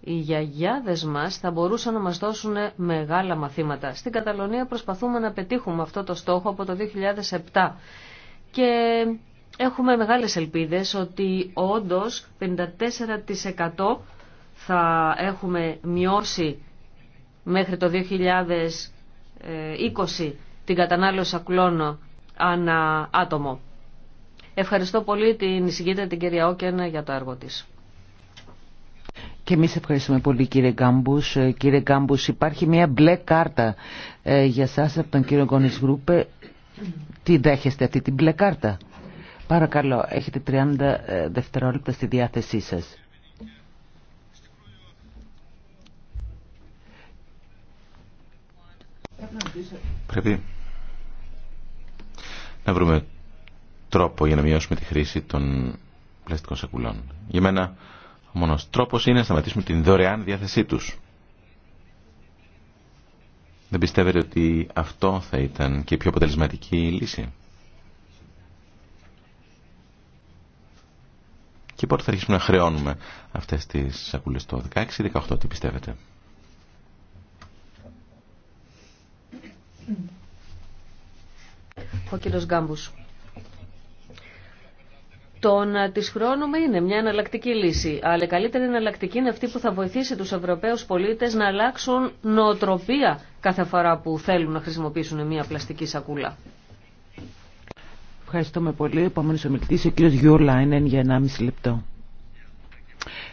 οι γιαγιάδες μας θα μπορούσαν να μας δώσουν μεγάλα μαθήματα. Στην Καταλωνία προσπαθούμε να πετύχουμε αυτό το στόχο από το 2007. Και έχουμε μεγάλες ελπίδες ότι όντως 54% θα έχουμε μειώσει μέχρι το 2020 την κατανάλωση σακουλών ανά άτομο. Ευχαριστώ πολύ την εισηγήτρια την κυρία Όκεν για το έργο της. Και εμείς ευχαριστούμε πολύ κύριε Γκάμπους. Ε, κύριε Γκάμπους υπάρχει μια μπλε κάρτα ε, για σας από τον κύριο Γκόνης Γρούπε. Τι δέχεστε αυτή την μπλε κάρτα. Παρακαλώ έχετε 30 ε, δευτερόλεπτα στη διάθεσή σας. Πρέπει να βρούμε τρόπο για να μειώσουμε τη χρήση των πλαστικών σακουλών. Για μένα ο μόνος τρόπος είναι να σταματήσουμε την δωρεάν διάθεσή τους. Δεν πιστεύετε ότι αυτό θα ήταν και η πιο αποτελεσματική λύση. Και πότε θα αρχίσουμε να χρεώνουμε αυτές τις σακούλες το 16-18, τι πιστεύετε. κύριος Το να τις χρόνουμε είναι μια εναλλακτική λύση, αλλά καλύτερη εναλλακτική είναι αυτή που θα βοηθήσει τους Ευρωπαίους πολίτες να αλλάξουν νοοτροπία κάθε φορά που θέλουν να χρησιμοποιήσουν μια πλαστική σακούλα. Ευχαριστούμε πολύ. Επόμενος ομιλητής ο κύριος Γιόρλα, για 1,5 λεπτό.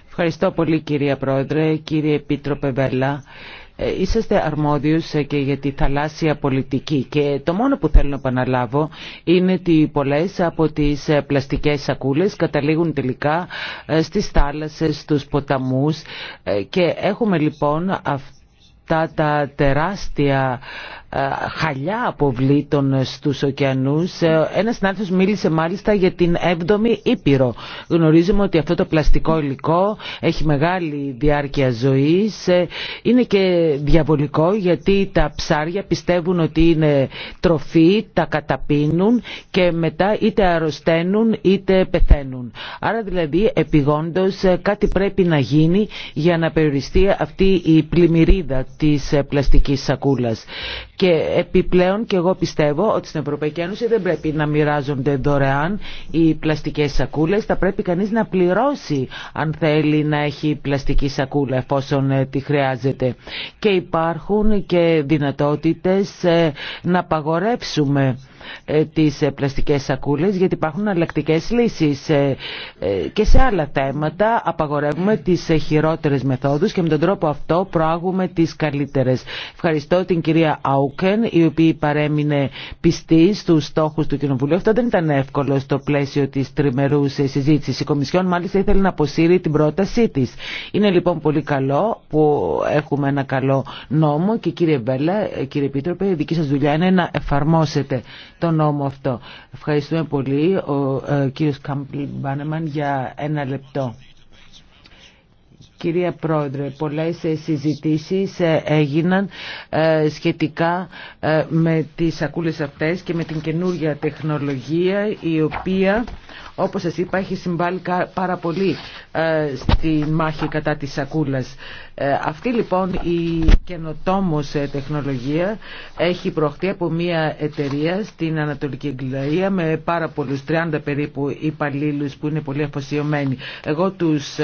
Ευχαριστώ πολύ κυρία Πρόεδρε, κύριε Επίτροπε Βέλα. Ε, είσαστε αρμόδιους ε, και για τη θαλάσσια πολιτική και το μόνο που θέλω να επαναλάβω είναι ότι πολλές από τις ε, πλαστικές σακούλες καταλήγουν τελικά στις θάλασσες, στους ποταμούς και έχουμε λοιπόν αυτά τα τεράστια ε, χαλιά αποβλήτων στους ωκεανούς. Ε, ένας συνάδελφος μίλησε μάλιστα για την 7η Ήπειρο. Γνωρίζουμε ότι αυτό το πλαστικό υλικό έχει μεγάλη διάρκεια ζωής. Ε, είναι και διαβολικό γιατί τα ψάρια πιστεύουν ότι είναι τροφή, τα καταπίνουν και μετά είτε αρρωσταίνουν είτε πεθαίνουν. Άρα δηλαδή επιγόντως κάτι πρέπει να γίνει για να περιοριστεί αυτή η πλημμυρίδα της πλαστικής σακούλας. Και επιπλέον και εγώ πιστεύω ότι στην Ευρωπαϊκή Ένωση δεν πρέπει να μοιράζονται δωρεάν οι πλαστικές σακούλες. Θα πρέπει κανείς να πληρώσει αν θέλει να έχει πλαστική σακούλα εφόσον ε, τη χρειάζεται. Και υπάρχουν και δυνατότητες ε, να παγορεύσουμε ε, τις ε, πλαστικές σακούλες γιατί υπάρχουν αλλακτικέ λύσεις ε, και σε άλλα θέματα απαγορεύουμε τις χειρότερες μεθόδους και με τον τρόπο αυτό προάγουμε τις καλύτερες. Ευχαριστώ την κυρία Άουκεν η οποία παρέμεινε πιστή στους στόχους του Κοινοβουλίου. Αυτό δεν ήταν εύκολο στο πλαίσιο της τριμερούς συζήτησης. Η Κομισιόν μάλιστα ήθελε να αποσύρει την πρότασή της. Είναι λοιπόν πολύ καλό που έχουμε ένα καλό νόμο και κύριε Μπέλα, κύριε Επίτροπε, η δική σα δουλειά είναι να εφαρμόσετε το νόμο αυτό. Ευχαριστούμε πολύ ο ε, κύριος Κάμπλ Μπάνεμαν για ένα λεπτό. Κυρία Πρόεδρε, πολλές ε, συζητήσεις ε, έγιναν ε, σχετικά με τις σακούλες αυτές και με την καινούργια τεχνολογία η οποία όπως σας είπα έχει συμβάλει πάρα πολύ ε, στη μάχη κατά της σακούλας. Ε, αυτή λοιπόν η καινοτόμος ε, τεχνολογία έχει προχθεί από μια εταιρεία στην Ανατολική Εγκλαία με πάρα πολλούς, 30 περίπου υπαλλήλους που είναι πολύ αφοσιωμένοι. Εγώ τους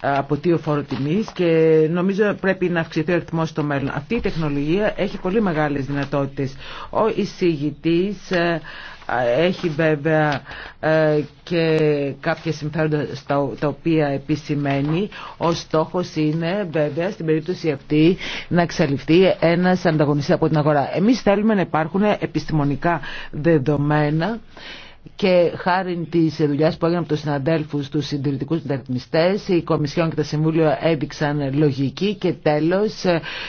αποτείω φόρο τιμής και νομίζω πρέπει να αυξηθεί ο αριθμός στο μέλλον. Αυτή η τεχνολογία έχει πολύ μεγάλες δυνατότητες. Ο εισηγητής έχει βέβαια ε, και κάποια συμφέροντα τα οποία επισημαίνει. Ο στόχος είναι βέβαια στην περίπτωση αυτή να εξαλειφθεί ένας ανταγωνιστής από την αγορά. Εμείς θέλουμε να υπάρχουν επιστημονικά δεδομένα και χάρη τη δουλειά που έγινε από του συναντέλφου, του συντηρητικού μεταρρυθμιστέ, οι Κομισιόν και τα Συμβούλια έδειξαν λογική και τέλο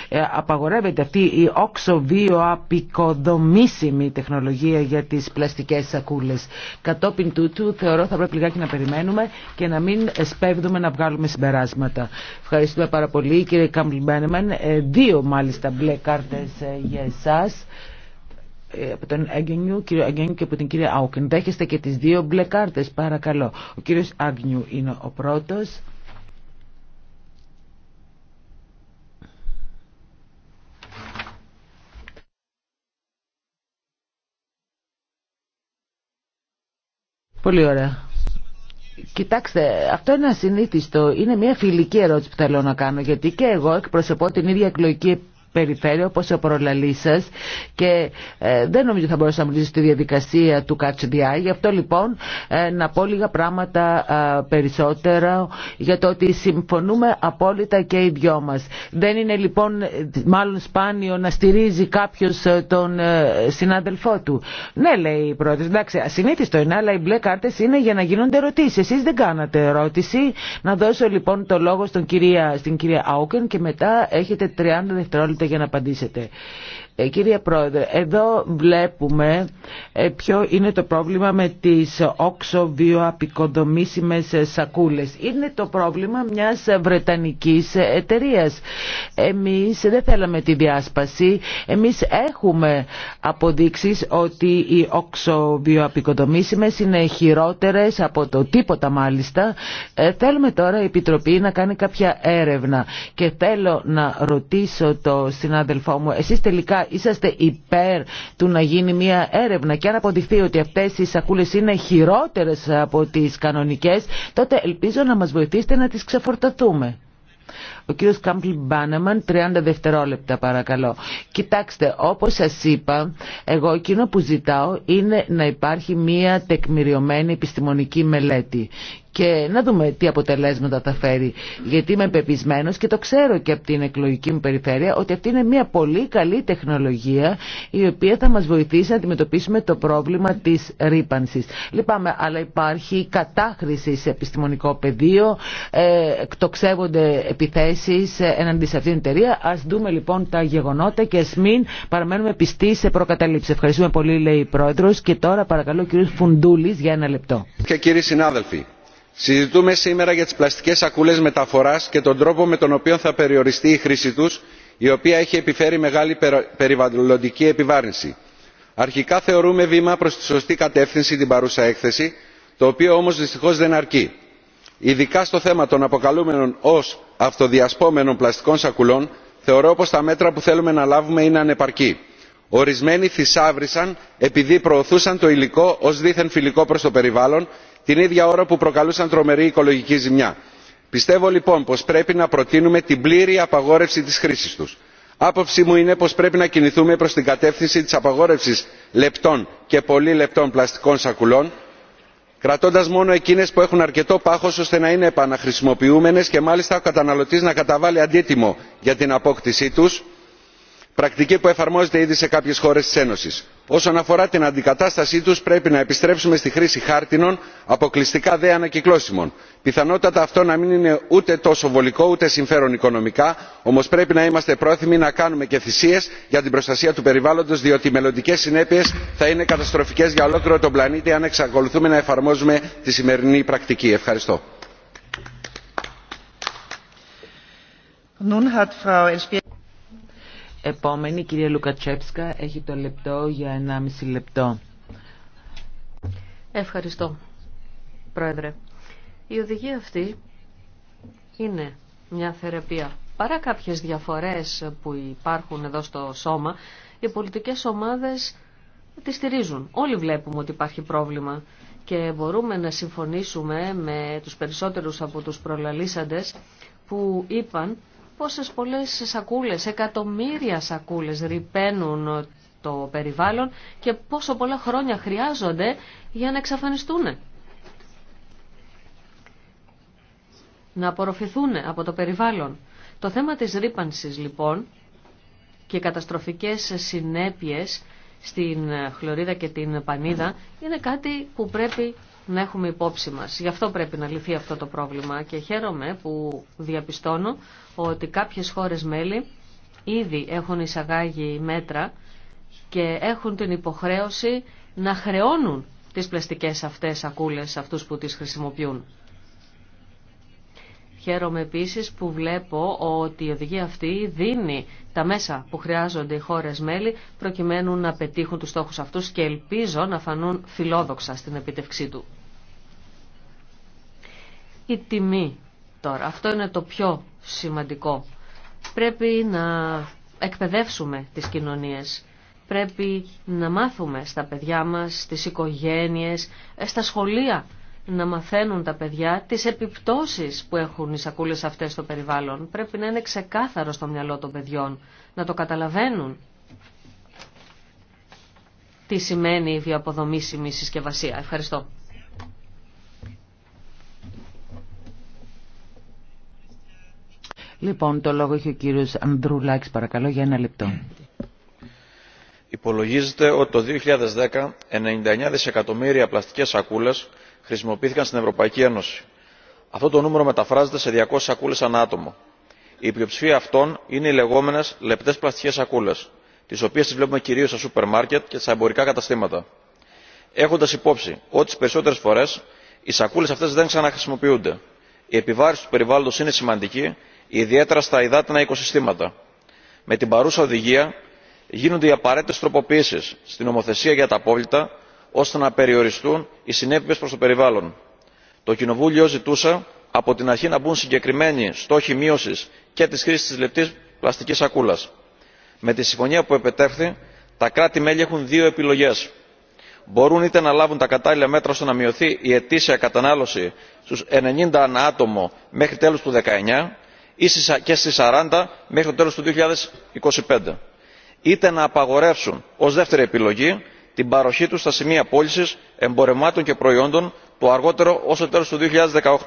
ε, απαγορεύεται αυτή η όξο βιοαπικοδομήσιμη τεχνολογία για τι πλαστικέ σακούλε. Κατόπιν τούτου θεωρώ θα πρέπει λιγάκι να περιμένουμε και να μην σπέβδουμε να βγάλουμε συμπεράσματα. Ευχαριστούμε πάρα πολύ κύριε Κάμπλ Μπένεμεν. Ε, δύο μάλιστα μπλε κάρτε ε, για εσά. Ε, από τον Αγγενιού, κύριο Αγγενιού και από την κυρία Άουκεν. Δέχεστε και τις δύο μπλε κάρτες, παρακαλώ. Ο κύριος Αγγενιού είναι ο πρώτος. Πολύ ωραία. Κοιτάξτε, αυτό είναι ασυνήθιστο. Είναι μια φιλική ερώτηση που θέλω να κάνω, γιατί και εγώ εκπροσωπώ την ίδια εκλογική περιφέρεια όπως ο προλαλή σα και ε, δεν νομίζω θα μπορούσα να μιλήσω στη διαδικασία του ΚΑΤΣΔΙ Γι' αυτό λοιπόν ε, να πω λίγα πράγματα ε, περισσότερα για το ότι συμφωνούμε απόλυτα και οι δυο μας. Δεν είναι λοιπόν μάλλον σπάνιο να στηρίζει κάποιος ε, τον συνάδελφό του. Ναι λέει η πρώτη. Εντάξει ασυνήθιστο είναι αλλά οι μπλε κάρτες είναι για να γίνονται ερωτήσεις. Εσείς δεν κάνατε ερώτηση. Να δώσω λοιπόν το λόγο στον κυρία, στην κυρία Άουκεν και μετά έχετε 30 δευτερόλεπτα για να απαντήσετε. Ε, Πρόεδρε, εδώ βλέπουμε ε, ποιο είναι το πρόβλημα με τις όξο βιοαπικοδομήσιμες σακούλες. Είναι το πρόβλημα μιας βρετανικής εταιρείας. Εμείς δεν θέλαμε τη διάσπαση. Εμείς έχουμε αποδείξεις ότι οι όξο βιοαπικοδομήσιμες είναι χειρότερες από το τίποτα μάλιστα. Ε, θέλουμε τώρα η Επιτροπή να κάνει κάποια έρευνα και θέλω να ρωτήσω το συνάδελφό μου, εσείς τελικά είσαστε υπέρ του να γίνει μια έρευνα και αν αποδειχθεί ότι αυτές οι σακούλες είναι χειρότερες από τις κανονικές, τότε ελπίζω να μας βοηθήσετε να τις ξεφορταθούμε. Ο κύριος Κάμπλι Μπάνεμαν, 30 δευτερόλεπτα παρακαλώ. Κοιτάξτε, όπως σας είπα, εγώ εκείνο που ζητάω είναι να υπάρχει μία τεκμηριωμένη επιστημονική μελέτη και να δούμε τι αποτελέσματα θα φέρει. Γιατί είμαι πεπισμένο και το ξέρω και από την εκλογική μου περιφέρεια ότι αυτή είναι μια πολύ καλή τεχνολογία η οποία θα μα βοηθήσει να αντιμετωπίσουμε το πρόβλημα τη ρήπανση. Λυπάμαι, αλλά υπάρχει κατάχρηση σε επιστημονικό πεδίο, ε, εκτοξεύονται επιθέσει εναντί σε αυτήν την εταιρεία. Α δούμε λοιπόν τα γεγονότα και α μην παραμένουμε πιστοί σε προκαταλήψει. Ευχαριστούμε πολύ, λέει η Πρόεδρο. Και τώρα παρακαλώ ο Φουντούλη για ένα λεπτό. Και κύριοι συνάδελφοι, συζητούμε σήμερα για τι πλαστικέ σακούλες μεταφορά και τον τρόπο με τον οποίο θα περιοριστεί η χρήση του, η οποία έχει επιφέρει μεγάλη περιβαλλοντική επιβάρυνση. αρχικά θεωρούμε βήμα προ τη σωστή κατεύθυνση την παρούσα έκθεση το οποίο όμω δυστυχώ δεν αρκεί. ειδικά στο θέμα των αποκαλούμενων ω αυτοδιασπόμενων πλαστικών σακουλών θεωρώ πω τα μέτρα που θέλουμε να λάβουμε είναι ανεπαρκή. ορισμένοι θησάβρισαν επειδή προωθούσαν το υλικό ω δίθεν φιλικό προ το περιβάλλον την ίδια ώρα που προκαλούσαν τρομερή οικολογική ζημιά. πιστεύω λοιπόν πως πρέπει να προτείνουμε την πλήρη απαγόρευση της χρήσης τους. άποψή μου είναι πως πρέπει να κινηθούμε προς την κατεύθυνση της απαγόρευσης λεπτών και πολύ λεπτών πλαστικών σακουλών κρατώντας μόνο εκείνες που έχουν αρκετό πάχος ώστε να είναι επαναχρησιμοποιούμενες και μάλιστα ο καταναλωτής να καταβάλει αντίτιμο για την απόκτησή τους πρακτική που εφαρμόζεται ήδη σε κάποιες χώρες της ένωσης. όσον αφορά την αντικατάστασή τους πρέπει να επιστρέψουμε στη χρήση χάρτινων αποκλειστικά δε ανακυκλώσιμων. πιθανότατα αυτό να μην είναι ούτε τόσο βολικό ούτε συμφέρον οικονομικά όμως πρέπει να είμαστε πρόθυμοι να κάνουμε και θυσίες για την προστασία του περιβάλλοντος διότι οι μελλοντικές συνέπειες θα είναι καταστροφικές για ολόκληρο τον πλανήτη αν εξακολουθούμε να εφαρμόζουμε τη σημερινή πρακτική. ευχαριστώ. Επόμενη, κυρία Λουκατσέψκα, έχει το λεπτό για 1,5 λεπτό. Ευχαριστώ, Πρόεδρε. Η οδηγία αυτή είναι μια θεραπεία. Παρά κάποιες διαφορές που υπάρχουν εδώ στο σώμα, οι πολιτικές ομάδες τη στηρίζουν. Όλοι βλέπουμε ότι υπάρχει πρόβλημα και μπορούμε να συμφωνήσουμε με τους περισσότερους από τους προλαλήσαντες που είπαν πόσες πολλές σακούλες, εκατομμύρια σακούλες ρηπαίνουν το περιβάλλον και πόσο πολλά χρόνια χρειάζονται για να εξαφανιστούν. Να απορροφηθούν από το περιβάλλον. Το θέμα της ρήπανση λοιπόν και καταστροφικές συνέπειες στην χλωρίδα και την πανίδα είναι κάτι που πρέπει να έχουμε υπόψη μας. Γι' αυτό πρέπει να λυθεί αυτό το πρόβλημα και χαίρομαι που διαπιστώνω ότι κάποιες χώρες μέλη ήδη έχουν εισαγάγει μέτρα και έχουν την υποχρέωση να χρεώνουν τις πλαστικές αυτές σακούλες αυτούς που τις χρησιμοποιούν. Χαίρομαι επίσης που βλέπω ότι η οδηγία αυτή δίνει τα μέσα που χρειάζονται οι χώρες μέλη προκειμένου να πετύχουν τους στόχους αυτούς και ελπίζω να φανούν φιλόδοξα στην επιτευξή του. Η τιμή τώρα. Αυτό είναι το πιο σημαντικό. Πρέπει να εκπαιδεύσουμε τις κοινωνίες. Πρέπει να μάθουμε στα παιδιά μας, στις οικογένειες, ε, στα σχολεία να μαθαίνουν τα παιδιά τις επιπτώσεις που έχουν οι σακούλες αυτές στο περιβάλλον. Πρέπει να είναι ξεκάθαρο στο μυαλό των παιδιών, να το καταλαβαίνουν τι σημαίνει η βιοαποδομήσιμη συσκευασία. Ευχαριστώ. Λοιπόν, το λόγο έχει ο κύριος Ανδρουλάκης, παρακαλώ, για ένα λεπτό. Υπολογίζεται ότι το 2010 99 δισεκατομμύρια πλαστικές σακούλες χρησιμοποιήθηκαν στην Ευρωπαϊκή Ένωση. Αυτό το νούμερο μεταφράζεται σε 200 σακούλες ανά άτομο. Η πλειοψηφία αυτών είναι οι λεγόμενες λεπτές πλαστικές σακούλες, τις οποίες τις βλέπουμε κυρίως στα σούπερ μάρκετ και στα εμπορικά καταστήματα. Έχοντας υπόψη ότι τις περισσότερες φορές οι σακούλες αυτές δεν ξαναχρησιμοποιούνται. Η επιβάρηση του περιβάλλοντος είναι σημαντική ιδιαίτερα στα υδάτινα οικοσυστήματα. με την παρούσα οδηγία γίνονται οι απαραίτητε τροποποιήσει στην νομοθεσία για τα απόβλητα ώστε να περιοριστούν οι συνέπειε προ το περιβάλλον. το κοινοβούλιο ζητούσε από την αρχή να μπουν συγκεκριμένοι στόχοι μείωση και τη χρήση τη λεπτή πλαστική σακούλα. με τη συμφωνία που επετέφθη, τα κράτη μέλη έχουν δύο επιλογέ μπορούν είτε να λάβουν τα κατάλληλα μέτρα ώστε να μειωθεί η ετήσια κατανάλωση στου 90 ανά άτομο μέχρι τέλος του και στις 40 μέχρι το τέλος του 2025. Είτε να απαγορεύσουν ως δεύτερη επιλογή την παροχή τους στα σημεία πώλησης εμπορευμάτων και προϊόντων το αργότερο ως το τέλος του 2018.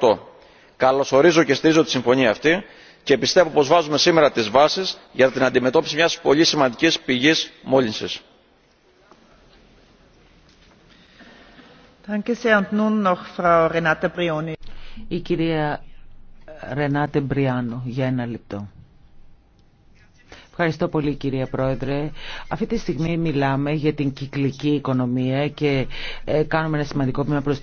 Καλωσορίζω και στηρίζω τη συμφωνία αυτή και πιστεύω πως βάζουμε σήμερα τις βάσεις για την αντιμετώπιση μιας πολύ σημαντικής πηγής μόλυνσης. Ρενάτε Μπριάνο για ένα λεπτό. Ευχαριστώ πολύ κυρία Πρόεδρε. Αυτή τη στιγμή μιλάμε για την κυκλική οικονομία και ε, κάνουμε ένα σημαντικό πήμα προς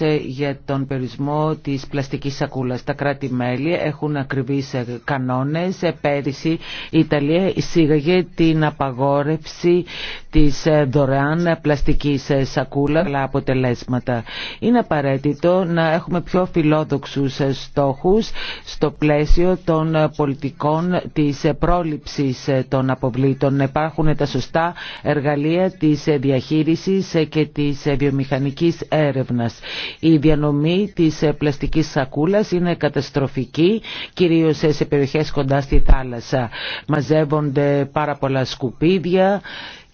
ε, για τον περιορισμό της πλαστικής σακούλας. Τα κράτη-μέλη έχουν ακριβείς ε, κανόνες. Πέρυσι η Ιταλία εισήγαγε την απαγόρευση της δωρεάν πλαστικής σακούλα αλλά αποτελέσματα. Είναι απαραίτητο να έχουμε πιο φιλόδοξους στόχους στο πλαίσιο των πολιτικών της πρόληψης διαχείρισης ε, των αποβλήτων, υπάρχουν τα σωστά εργαλεία της ε, διαχείρισης ε, και της βιομηχανικής έρευνας. Η διανομή της πλαστικής σακούλας είναι καταστροφική, κυρίως σε περιοχές κοντά στη θάλασσα. Μαζεύονται πάρα πολλά σκουπίδια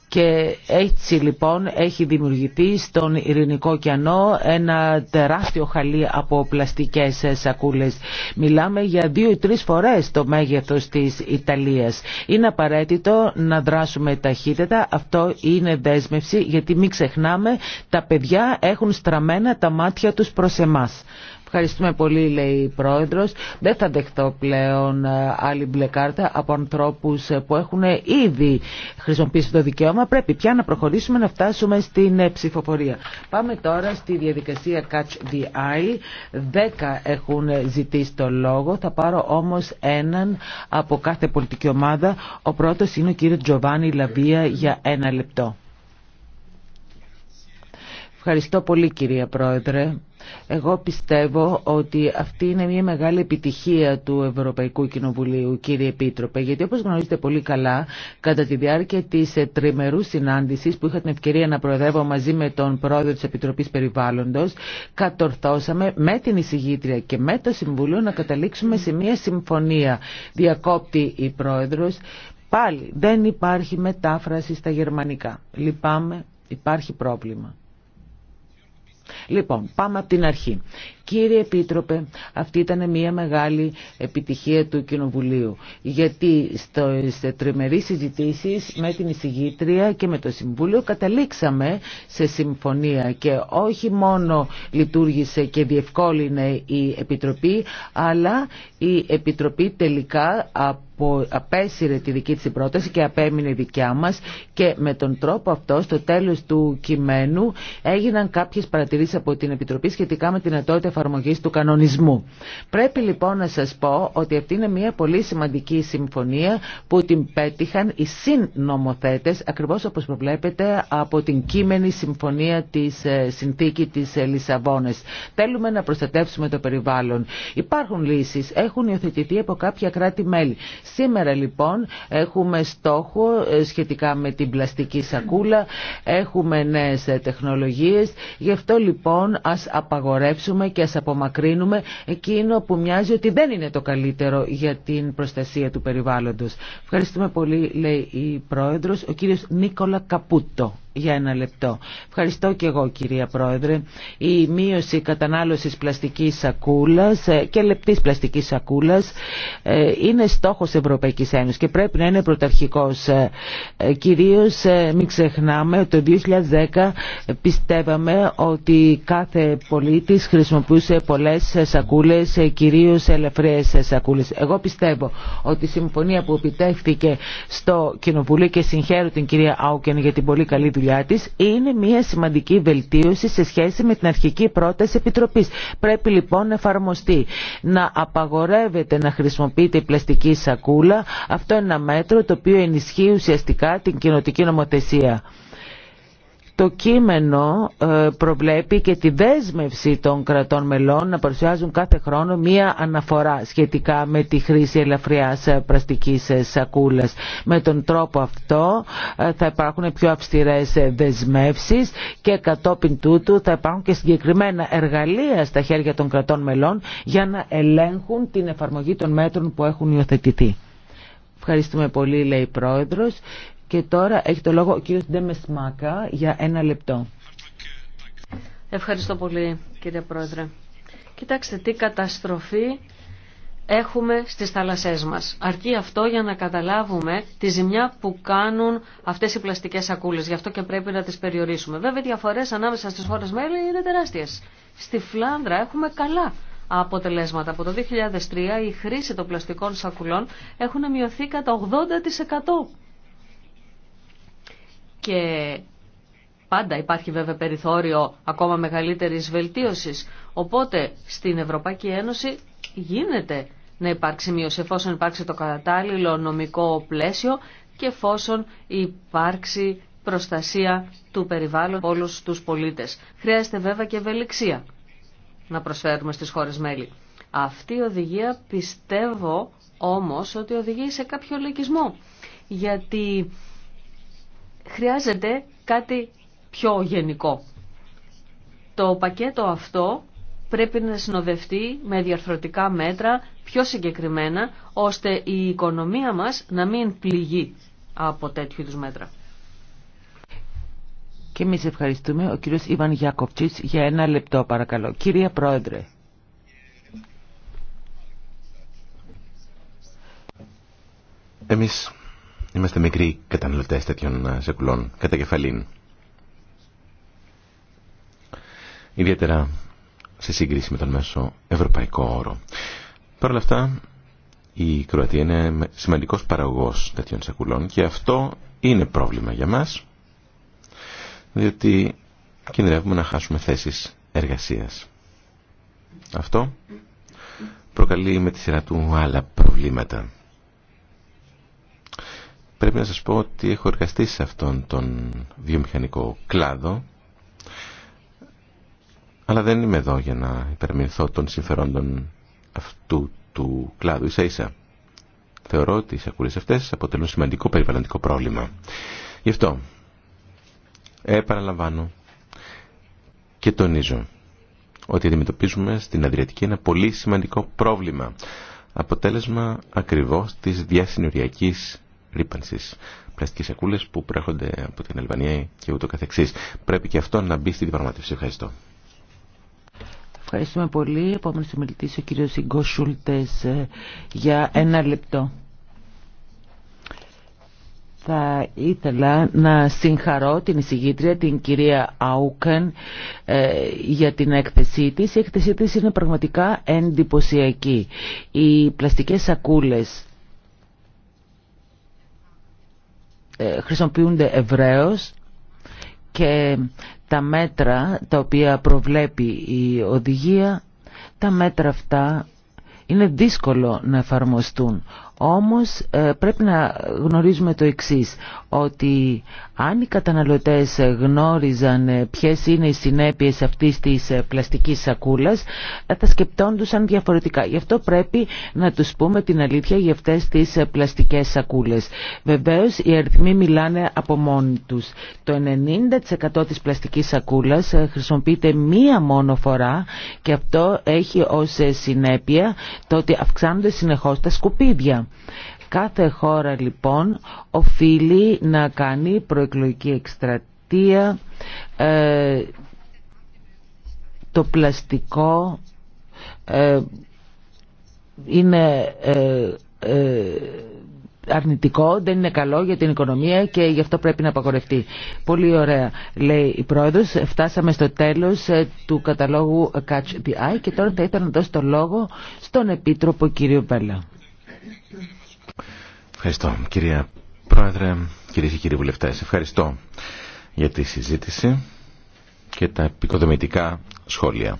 και έτσι λοιπόν έχει δημιουργηθεί στον Ειρηνικό κιανό ένα τεράστιο χαλί από πλαστικές σακούλες. Μιλάμε για δύο ή τρεις φορές το μέγεθος της Ιταλίας. Είναι απαραίτητο να δράσουμε ταχύτερα. Αυτό είναι δέσμευση γιατί μην ξεχνάμε τα παιδιά έχουν στραμμένα τα μάτια τους προς εμάς. Ευχαριστούμε πολύ, λέει η Πρόεδρος. Δεν θα δεχτώ πλέον ε, άλλη μπλε κάρτα από ανθρώπους ε, που έχουν ε, ήδη χρησιμοποιήσει το δικαίωμα. Πρέπει πια να προχωρήσουμε να φτάσουμε στην ψηφοφορία. Πάμε τώρα στη διαδικασία Catch the Eye. Δέκα έχουν ζητήσει το λόγο. Θα πάρω όμως έναν από κάθε πολιτική ομάδα. Ο πρώτος είναι ο κύριος Τζοβάνι Λαβία για ένα λεπτό. Ευχαριστώ πολύ κυρία Πρόεδρε. Εγώ πιστεύω ότι αυτή είναι μια μεγάλη επιτυχία του Ευρωπαϊκού Κοινοβουλίου, κύριε Επίτροπε, γιατί όπως γνωρίζετε πολύ καλά, κατά τη διάρκεια της ε, τριμερού συνάντησης που είχα την ευκαιρία να προεδρεύω μαζί με τον πρόεδρο της Επιτροπής Περιβάλλοντος, κατορθώσαμε με την εισηγήτρια και με το Συμβουλίο να καταλήξουμε σε μια συμφωνία. Διακόπτη η πρόεδρος, πάλι δεν υπάρχει μετάφραση στα γερμανικά. Λυπάμαι, υπάρχει πρόβλημα. Λοιπόν, πάμε από την αρχή. Κύριε Επίτροπε, αυτή ήταν μια μεγάλη επιτυχία του Κοινοβουλίου. Γιατί στο τριμερείς συζητήσεις με την εισηγήτρια και με το Συμβούλιο καταλήξαμε σε συμφωνία και όχι μόνο λειτουργήσε και διευκόλυνε η Επιτροπή, αλλά η Επιτροπή τελικά που απέσυρε τη δική της πρόταση και απέμεινε η δικιά μας και με τον τρόπο αυτό στο τέλος του κειμένου έγιναν κάποιες παρατηρήσεις από την Επιτροπή σχετικά με την ατότητα εφαρμογή του κανονισμού. Πρέπει λοιπόν να σας πω ότι αυτή είναι μια πολύ σημαντική συμφωνία που την πέτυχαν οι συνομοθέτες ακριβώς όπως προβλέπετε από την κείμενη συμφωνία της ε, συνθήκη της ε, Λισαβόνες. Θέλουμε να προστατεύσουμε το περιβάλλον. Υπάρχουν λύσεις, έχουν υιοθετηθεί από κάποια κράτη-μέλη. Σήμερα λοιπόν έχουμε στόχο ε, σχετικά με την πλαστική σακούλα, έχουμε νέες ε, τεχνολογίες, γι' αυτό λοιπόν ας απαγορεύσουμε και ας απομακρύνουμε εκείνο που μοιάζει ότι δεν είναι το καλύτερο για την προστασία του περιβάλλοντος. Ευχαριστούμε πολύ λέει η Πρόεδρος, ο κύριος Νίκολα Καπούτο για ένα λεπτό. Ευχαριστώ και εγώ κυρία Πρόεδρε. Η μείωση κατανάλωσης πλαστικής σακούλας ε, και λεπτής πλαστικής σακούλας ε, είναι στόχος Ευρωπαϊκής Ένωσης και πρέπει να είναι πρωταρχικός. Ε, κυρίως μην ξεχνάμε ότι το 2010 πιστεύαμε ότι κάθε πολίτης χρησιμοποιούσε πολλές σακούλες, κυρίως ελευρές σακούλες. Εγώ πιστεύω ότι η συμφωνία που επιτεύχθηκε στο Κοινοβουλίο και συγχαίρω την κυρία Άουκεν για την πολύ καλή δουλειά δουλειά είναι μια σημαντική βελτίωση σε σχέση με την αρχική πρόταση Επιτροπής. Πρέπει λοιπόν να εφαρμοστεί, να απαγορεύεται να χρησιμοποιείται η πλαστική σακούλα. Αυτό είναι ένα μέτρο το οποίο ενισχύει ουσιαστικά την κοινοτική νομοθεσία. Το κείμενο ε, προβλέπει και τη δέσμευση των κρατών μελών να παρουσιάζουν κάθε χρόνο μία αναφορά σχετικά με τη χρήση ελαφριάς ε, πραστικής ε, σακούλας. Με τον τρόπο αυτό θα υπάρχουν πιο αυστηρές δεσμεύσεις και κατόπιν τούτου θα υπάρχουν και συγκεκριμένα εργαλεία στα χέρια των κρατών μελών για να ελέγχουν την εφαρμογή των μέτρων που έχουν υιοθετηθεί. Ευχαριστούμε πολύ, λέει η Πρόεδρος. Και τώρα έχει το λόγο ο κύριος Ντεμεσμάκα για ένα λεπτό. Ευχαριστώ πολύ κύριε Πρόεδρε. Κοιτάξτε τι καταστροφή έχουμε στις θάλασσές μας. Αρκεί αυτό για να καταλάβουμε τη ζημιά που κάνουν αυτές οι πλαστικές σακούλες. Γι' αυτό και πρέπει να τις περιορίσουμε. Βέβαια, οι διαφορές ανάμεσα στις χώρες μέλη είναι τεράστιες. Στη Φλάνδρα έχουμε καλά αποτελέσματα. Από το 2003 η χρήση των πλαστικών σακουλών έχουν μειωθεί κατά 80% και πάντα υπάρχει βέβαια περιθώριο ακόμα μεγαλύτερης βελτίωσης. Οπότε στην Ευρωπαϊκή Ένωση γίνεται να υπάρξει μείωση εφόσον υπάρξει το κατάλληλο νομικό πλαίσιο και εφόσον υπάρξει προστασία του περιβάλλον όλους τους πολίτες. Χρειάζεται βέβαια και ευελιξία να προσφέρουμε στις χώρες μέλη. Αυτή η οδηγία πιστεύω όμως ότι οδηγεί σε κάποιο λογισμό. Γιατί χρειάζεται κάτι πιο γενικό. Το πακέτο αυτό πρέπει να συνοδευτεί με διαρθρωτικά μέτρα πιο συγκεκριμένα, ώστε η οικονομία μας να μην πληγεί από τέτοιου τους μέτρα. Και εμεί ευχαριστούμε. Ο κύριος Ιβαν Γιακοπτσίτς για ένα λεπτό παρακαλώ. Κυρία Πρόεδρε. Εμείς Είμαστε μικροί καταναλωτέ τέτοιων ε, σεκουλών, κατά κεφαλήν. Ιδιαίτερα σε σύγκριση με τον μέσο ευρωπαϊκό όρο. Παρ' όλα αυτά, η Κροατία είναι σημαντικός παραγωγός τέτοιων σεκουλών και αυτό είναι πρόβλημα για μας, διότι κινδυνεύουμε να χάσουμε θέσεις εργασίας. Αυτό προκαλεί με τη σειρά του άλλα προβλήματα. Πρέπει να σας πω ότι έχω εργαστεί σε αυτόν τον βιομηχανικό κλάδο αλλά δεν είμαι εδώ για να υπερμηνθώ των συμφερόντων αυτού του κλάδου ίσα ίσα. Θεωρώ ότι οι σακούλες αυτές αποτελούν σημαντικό περιβαλλοντικό πρόβλημα. Γι' αυτό επαναλαμβάνω και τονίζω ότι αντιμετωπίζουμε στην Αδριατική ένα πολύ σημαντικό πρόβλημα αποτέλεσμα ακριβώς της διασυνοριακής ρήπανσης, πλαστικέ σακούλε που προέρχονται από την Αλβανία και ούτω καθεξής. Πρέπει και αυτό να μπει στη διαπραγματεύση. Ευχαριστώ. Ευχαριστούμε πολύ. Επόμενο ομιλητής ο κύριο Ιγκό Σούλτε ε, για ένα λεπτό. Θα ήθελα να συγχαρώ την εισηγήτρια, την κυρία Άουκεν, ε, για την έκθεσή της. Η έκθεσή της είναι πραγματικά εντυπωσιακή. Οι πλαστικές σακούλες Ε, χρησιμοποιούνται ευρέως και τα μέτρα τα οποία προβλέπει η οδηγία, τα μέτρα αυτά είναι δύσκολο να εφαρμοστούν. Όμως ε, πρέπει να γνωρίζουμε το εξής, ότι αν οι καταναλωτές γνώριζαν ε, ποιες είναι οι συνέπειες αυτής της ε, πλαστικής σακούλας, θα σκεπτόντουσαν διαφορετικά. Γι' αυτό πρέπει να τους πούμε την αλήθεια για αυτές τις πλαστικές σακούλες. Βεβαίως οι αριθμοί μιλάνε από μόνοι τους. Το 90% της πλαστικής σακούλας χρησιμοποιείται μία μόνο φορά και αυτό έχει ως συνέπεια το ότι αυξάνονται συνεχώς τα σκουπίδια. Κάθε χώρα λοιπόν οφείλει να κάνει προεκλογική εκστρατεία, ε, το πλαστικό ε, είναι ε, αρνητικό, δεν είναι καλό για την οικονομία και γι' αυτό πρέπει να απαγορευτεί. Πολύ ωραία, λέει η πρόεδρος. Φτάσαμε στο τέλος του καταλόγου Catch the Eye και τώρα θα ήθελα να δώσω το λόγο στον Επίτροπο κύριο Μπέλα. Ευχαριστώ κυρία Πρόεδρε, κυρίες και κύριοι βουλευτές. Ευχαριστώ για τη συζήτηση και τα επικοδομητικά σχόλια.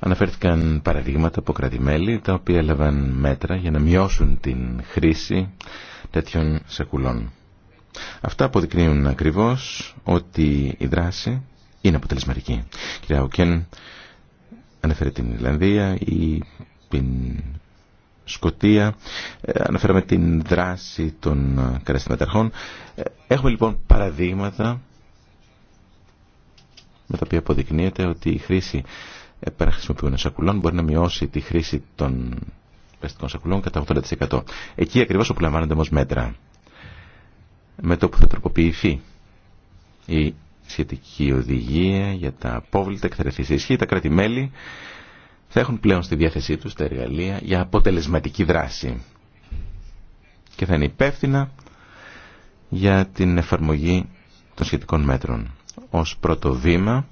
Αναφέρθηκαν παραδείγματα από κρατημέλη τα οποία έλαβαν μέτρα για να μειώσουν την χρήση τέτοιων σακουλών. Αυτά αποδεικνύουν ακριβώς ότι η δράση είναι αποτελεσματική. Κυρία Οκέν, Ανέφερε την Ιρλανδία ή την Σκοτία. Ε, αναφέραμε την δράση των ε, καταστηματαρχών. Ε, έχουμε λοιπόν παραδείγματα με τα οποία αποδεικνύεται ότι η χρήση επαναχρησιμοποιούμενων σακουλών μπορεί να μειώσει τη χρήση των πλαστικών σακουλών κατά 80%. Εκεί ακριβώς όπου λαμβάνονται όμως μέτρα. Με το που θα τροποποιηθεί η σχετική οδηγία για τα απόβλητα εκτελεθεί ισχύ. Τα κρατη θα έχουν πλέον στη διάθεσή του τα εργαλεία για αποτελεσματική δράση και θα είναι υπεύθυνα για την εφαρμογή των σχετικών μέτρων. Ως πρώτο βήμα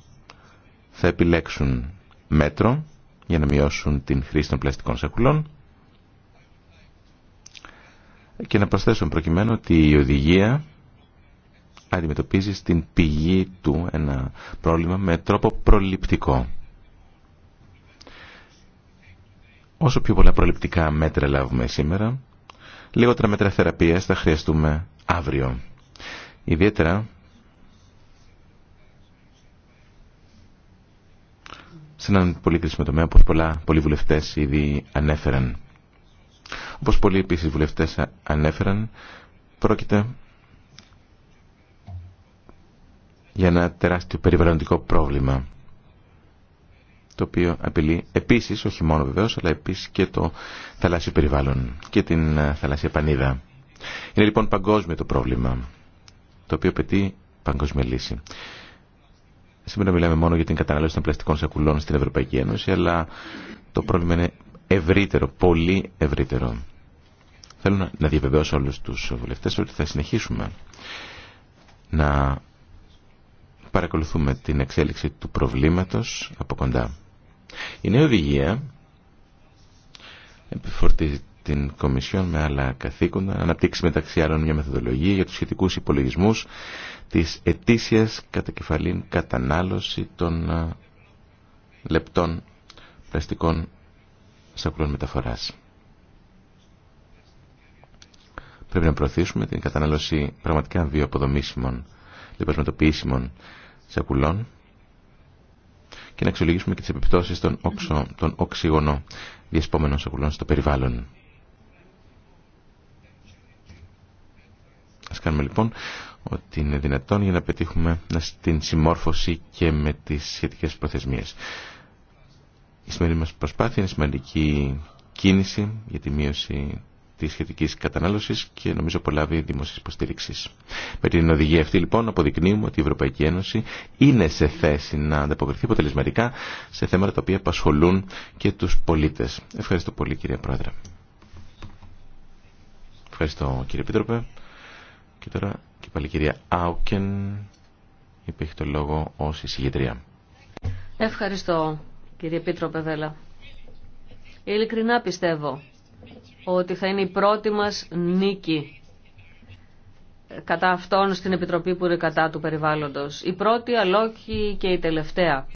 θα επιλέξουν μέτρο για να μειώσουν την χρήση των πλαστικών σακουλών και να προσθέσουν προκειμένου ότι η οδηγία αντιμετωπίζει στην πηγή του ένα πρόβλημα με τρόπο προληπτικό. Όσο πιο πολλά προληπτικά μέτρα λάβουμε σήμερα, λιγότερα μέτρα θεραπείας θα χρειαστούμε αύριο. Ιδιαίτερα σε έναν πολύ κρίσιμο τομέα, όπως πολλά, πολλοί βουλευτές ήδη ανέφεραν. Όπως πολλοί επίσης βουλευτές ανέφεραν, πρόκειται για ένα τεράστιο περιβαλλοντικό πρόβλημα το οποίο απειλεί επίσης, όχι μόνο βεβαίως, αλλά επίσης και το θαλάσσιο περιβάλλον και την ε, θαλάσσια πανίδα. Είναι λοιπόν παγκόσμιο το πρόβλημα, το οποίο απαιτεί παγκόσμια λύση. Σήμερα μιλάμε μόνο για την κατανάλωση των πλαστικών σακουλών στην Ευρωπαϊκή Ένωση, αλλά το πρόβλημα είναι ευρύτερο, πολύ ευρύτερο. Θέλω να διαβεβαιώσω όλους τους βουλευτές ότι θα συνεχίσουμε να παρακολουθούμε την εξέλιξη του προβλήματος από κοντά. Η νέα οδηγία επιφορτίζει την Κομισιόν με άλλα καθήκοντα, αναπτύξει μεταξύ άλλων μια μεθοδολογία για τους σχετικούς υπολογισμούς της ετήσιας κατακεφαλήν κατανάλωση των ε, λεπτών πλαστικών σακουλών μεταφοράς. Πρέπει να προωθήσουμε την κατανάλωση πραγματικά βιοαποδομήσιμων, λιπασματοποιήσιμων σακουλών και να αξιολογήσουμε και τις επιπτώσεις των, οξο, των οξυγονό διασπόμενων σακουλών στο περιβάλλον. Ας κάνουμε λοιπόν ότι είναι δυνατόν για να πετύχουμε την συμμόρφωση και με τις σχετικές προθεσμίες. Η σημερινή μας προσπάθεια είναι σημαντική κίνηση για τη μείωση της σχετική κατανάλωσης και νομίζω απολάβει δημόσιας υποστήριξη. Με την οδηγία αυτή λοιπόν αποδεικνύουμε ότι η Ευρωπαϊκή Ένωση είναι σε θέση να ανταποκριθεί αποτελεσματικά σε θέματα τα οποία απασχολούν και τους πολίτες. Ευχαριστώ πολύ κύριε Πρόεδρε. Ευχαριστώ κύριε πιτροπέ. Και τώρα και πάλι κυρία Άουκεν υπήρχε το λόγο ω εισηγητρία. Ευχαριστώ κύριε Επίτροπε Βέλα. Ειλικρινά πιστεύω ότι θα είναι η πρώτη μας νίκη κατά αυτόν στην Επιτροπή που είναι κατά του περιβάλλοντος. Η πρώτη, αλόκη και η τελευταία.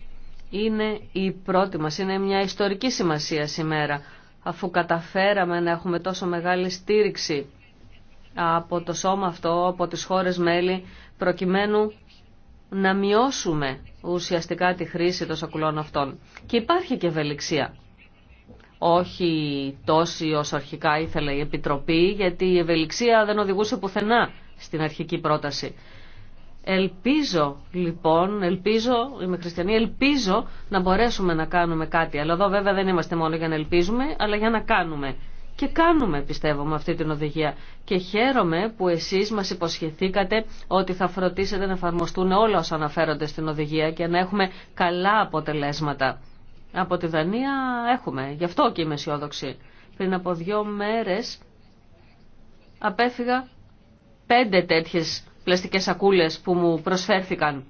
Είναι η πρώτη μας, είναι μια ιστορική σημασία σήμερα, αφού καταφέραμε να έχουμε τόσο μεγάλη στήριξη από το σώμα αυτό, από τις χώρες μέλη, προκειμένου να μειώσουμε ουσιαστικά τη χρήση των σακουλών αυτών. Και υπάρχει και ευελιξία όχι τόση όσο αρχικά ήθελε η Επιτροπή, γιατί η ευελιξία δεν οδηγούσε πουθενά στην αρχική πρόταση. Ελπίζω λοιπόν, ελπίζω, είμαι χριστιανή, ελπίζω να μπορέσουμε να κάνουμε κάτι. Αλλά εδώ βέβαια δεν είμαστε μόνο για να ελπίζουμε, αλλά για να κάνουμε. Και κάνουμε πιστεύω με αυτή την οδηγία. Και χαίρομαι που εσείς μας υποσχεθήκατε ότι θα φροντίσετε να εφαρμοστούν όλα όσα αναφέρονται στην οδηγία και να έχουμε καλά αποτελέσματα. Από τη Δανία έχουμε. Γι' αυτό και είμαι αισιόδοξη. Πριν από δύο μέρες απέφυγα πέντε τέτοιες πλαστικές σακούλες που μου προσφέρθηκαν.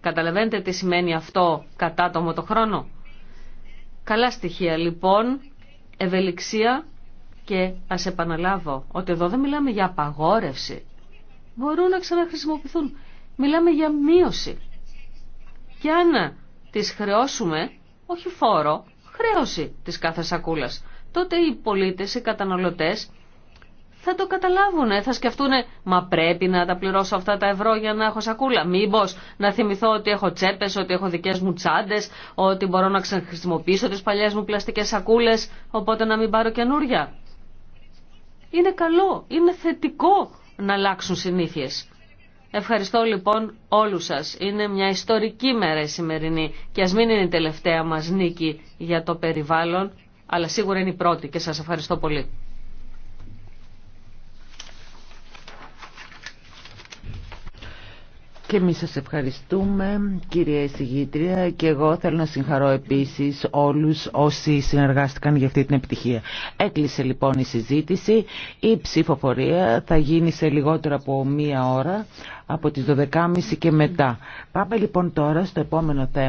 Καταλαβαίνετε τι σημαίνει αυτό κατά το χρόνο. Καλά στοιχεία λοιπόν, ευελιξία και ας επαναλάβω ότι εδώ δεν μιλάμε για απαγόρευση. Μπορούν να ξαναχρησιμοποιηθούν. Μιλάμε για μείωση. Και αν τις χρεώσουμε όχι φόρο, χρέωση της κάθε σακούλας. Τότε οι πολίτες, οι καταναλωτές θα το καταλάβουν, θα σκεφτούν «Μα πρέπει να τα πληρώσω αυτά τα ευρώ για να έχω σακούλα». Μήπως να θυμηθώ ότι έχω τσέπες, ότι έχω δικές μου τσάντες, ότι μπορώ να ξεχρησιμοποιήσω τις παλιές μου πλαστικές σακούλες, οπότε να μην πάρω καινούρια. Είναι καλό, είναι θετικό να αλλάξουν συνήθειες. Ευχαριστώ λοιπόν όλους σας. Είναι μια ιστορική μέρα η σημερινή και ας μην είναι η τελευταία μας νίκη για το περιβάλλον, αλλά σίγουρα είναι η πρώτη και σας ευχαριστώ πολύ. Και εμείς σας ευχαριστούμε κυρία εισηγήτρια και εγώ θέλω να συγχαρώ επίσης όλους όσοι συνεργάστηκαν για αυτή την επιτυχία. Έκλεισε λοιπόν η συζήτηση, η ψηφοφορία θα γίνει σε λιγότερο από μία ώρα από τις 12.30 και μετά. Πάμε λοιπόν τώρα στο επόμενο θέμα.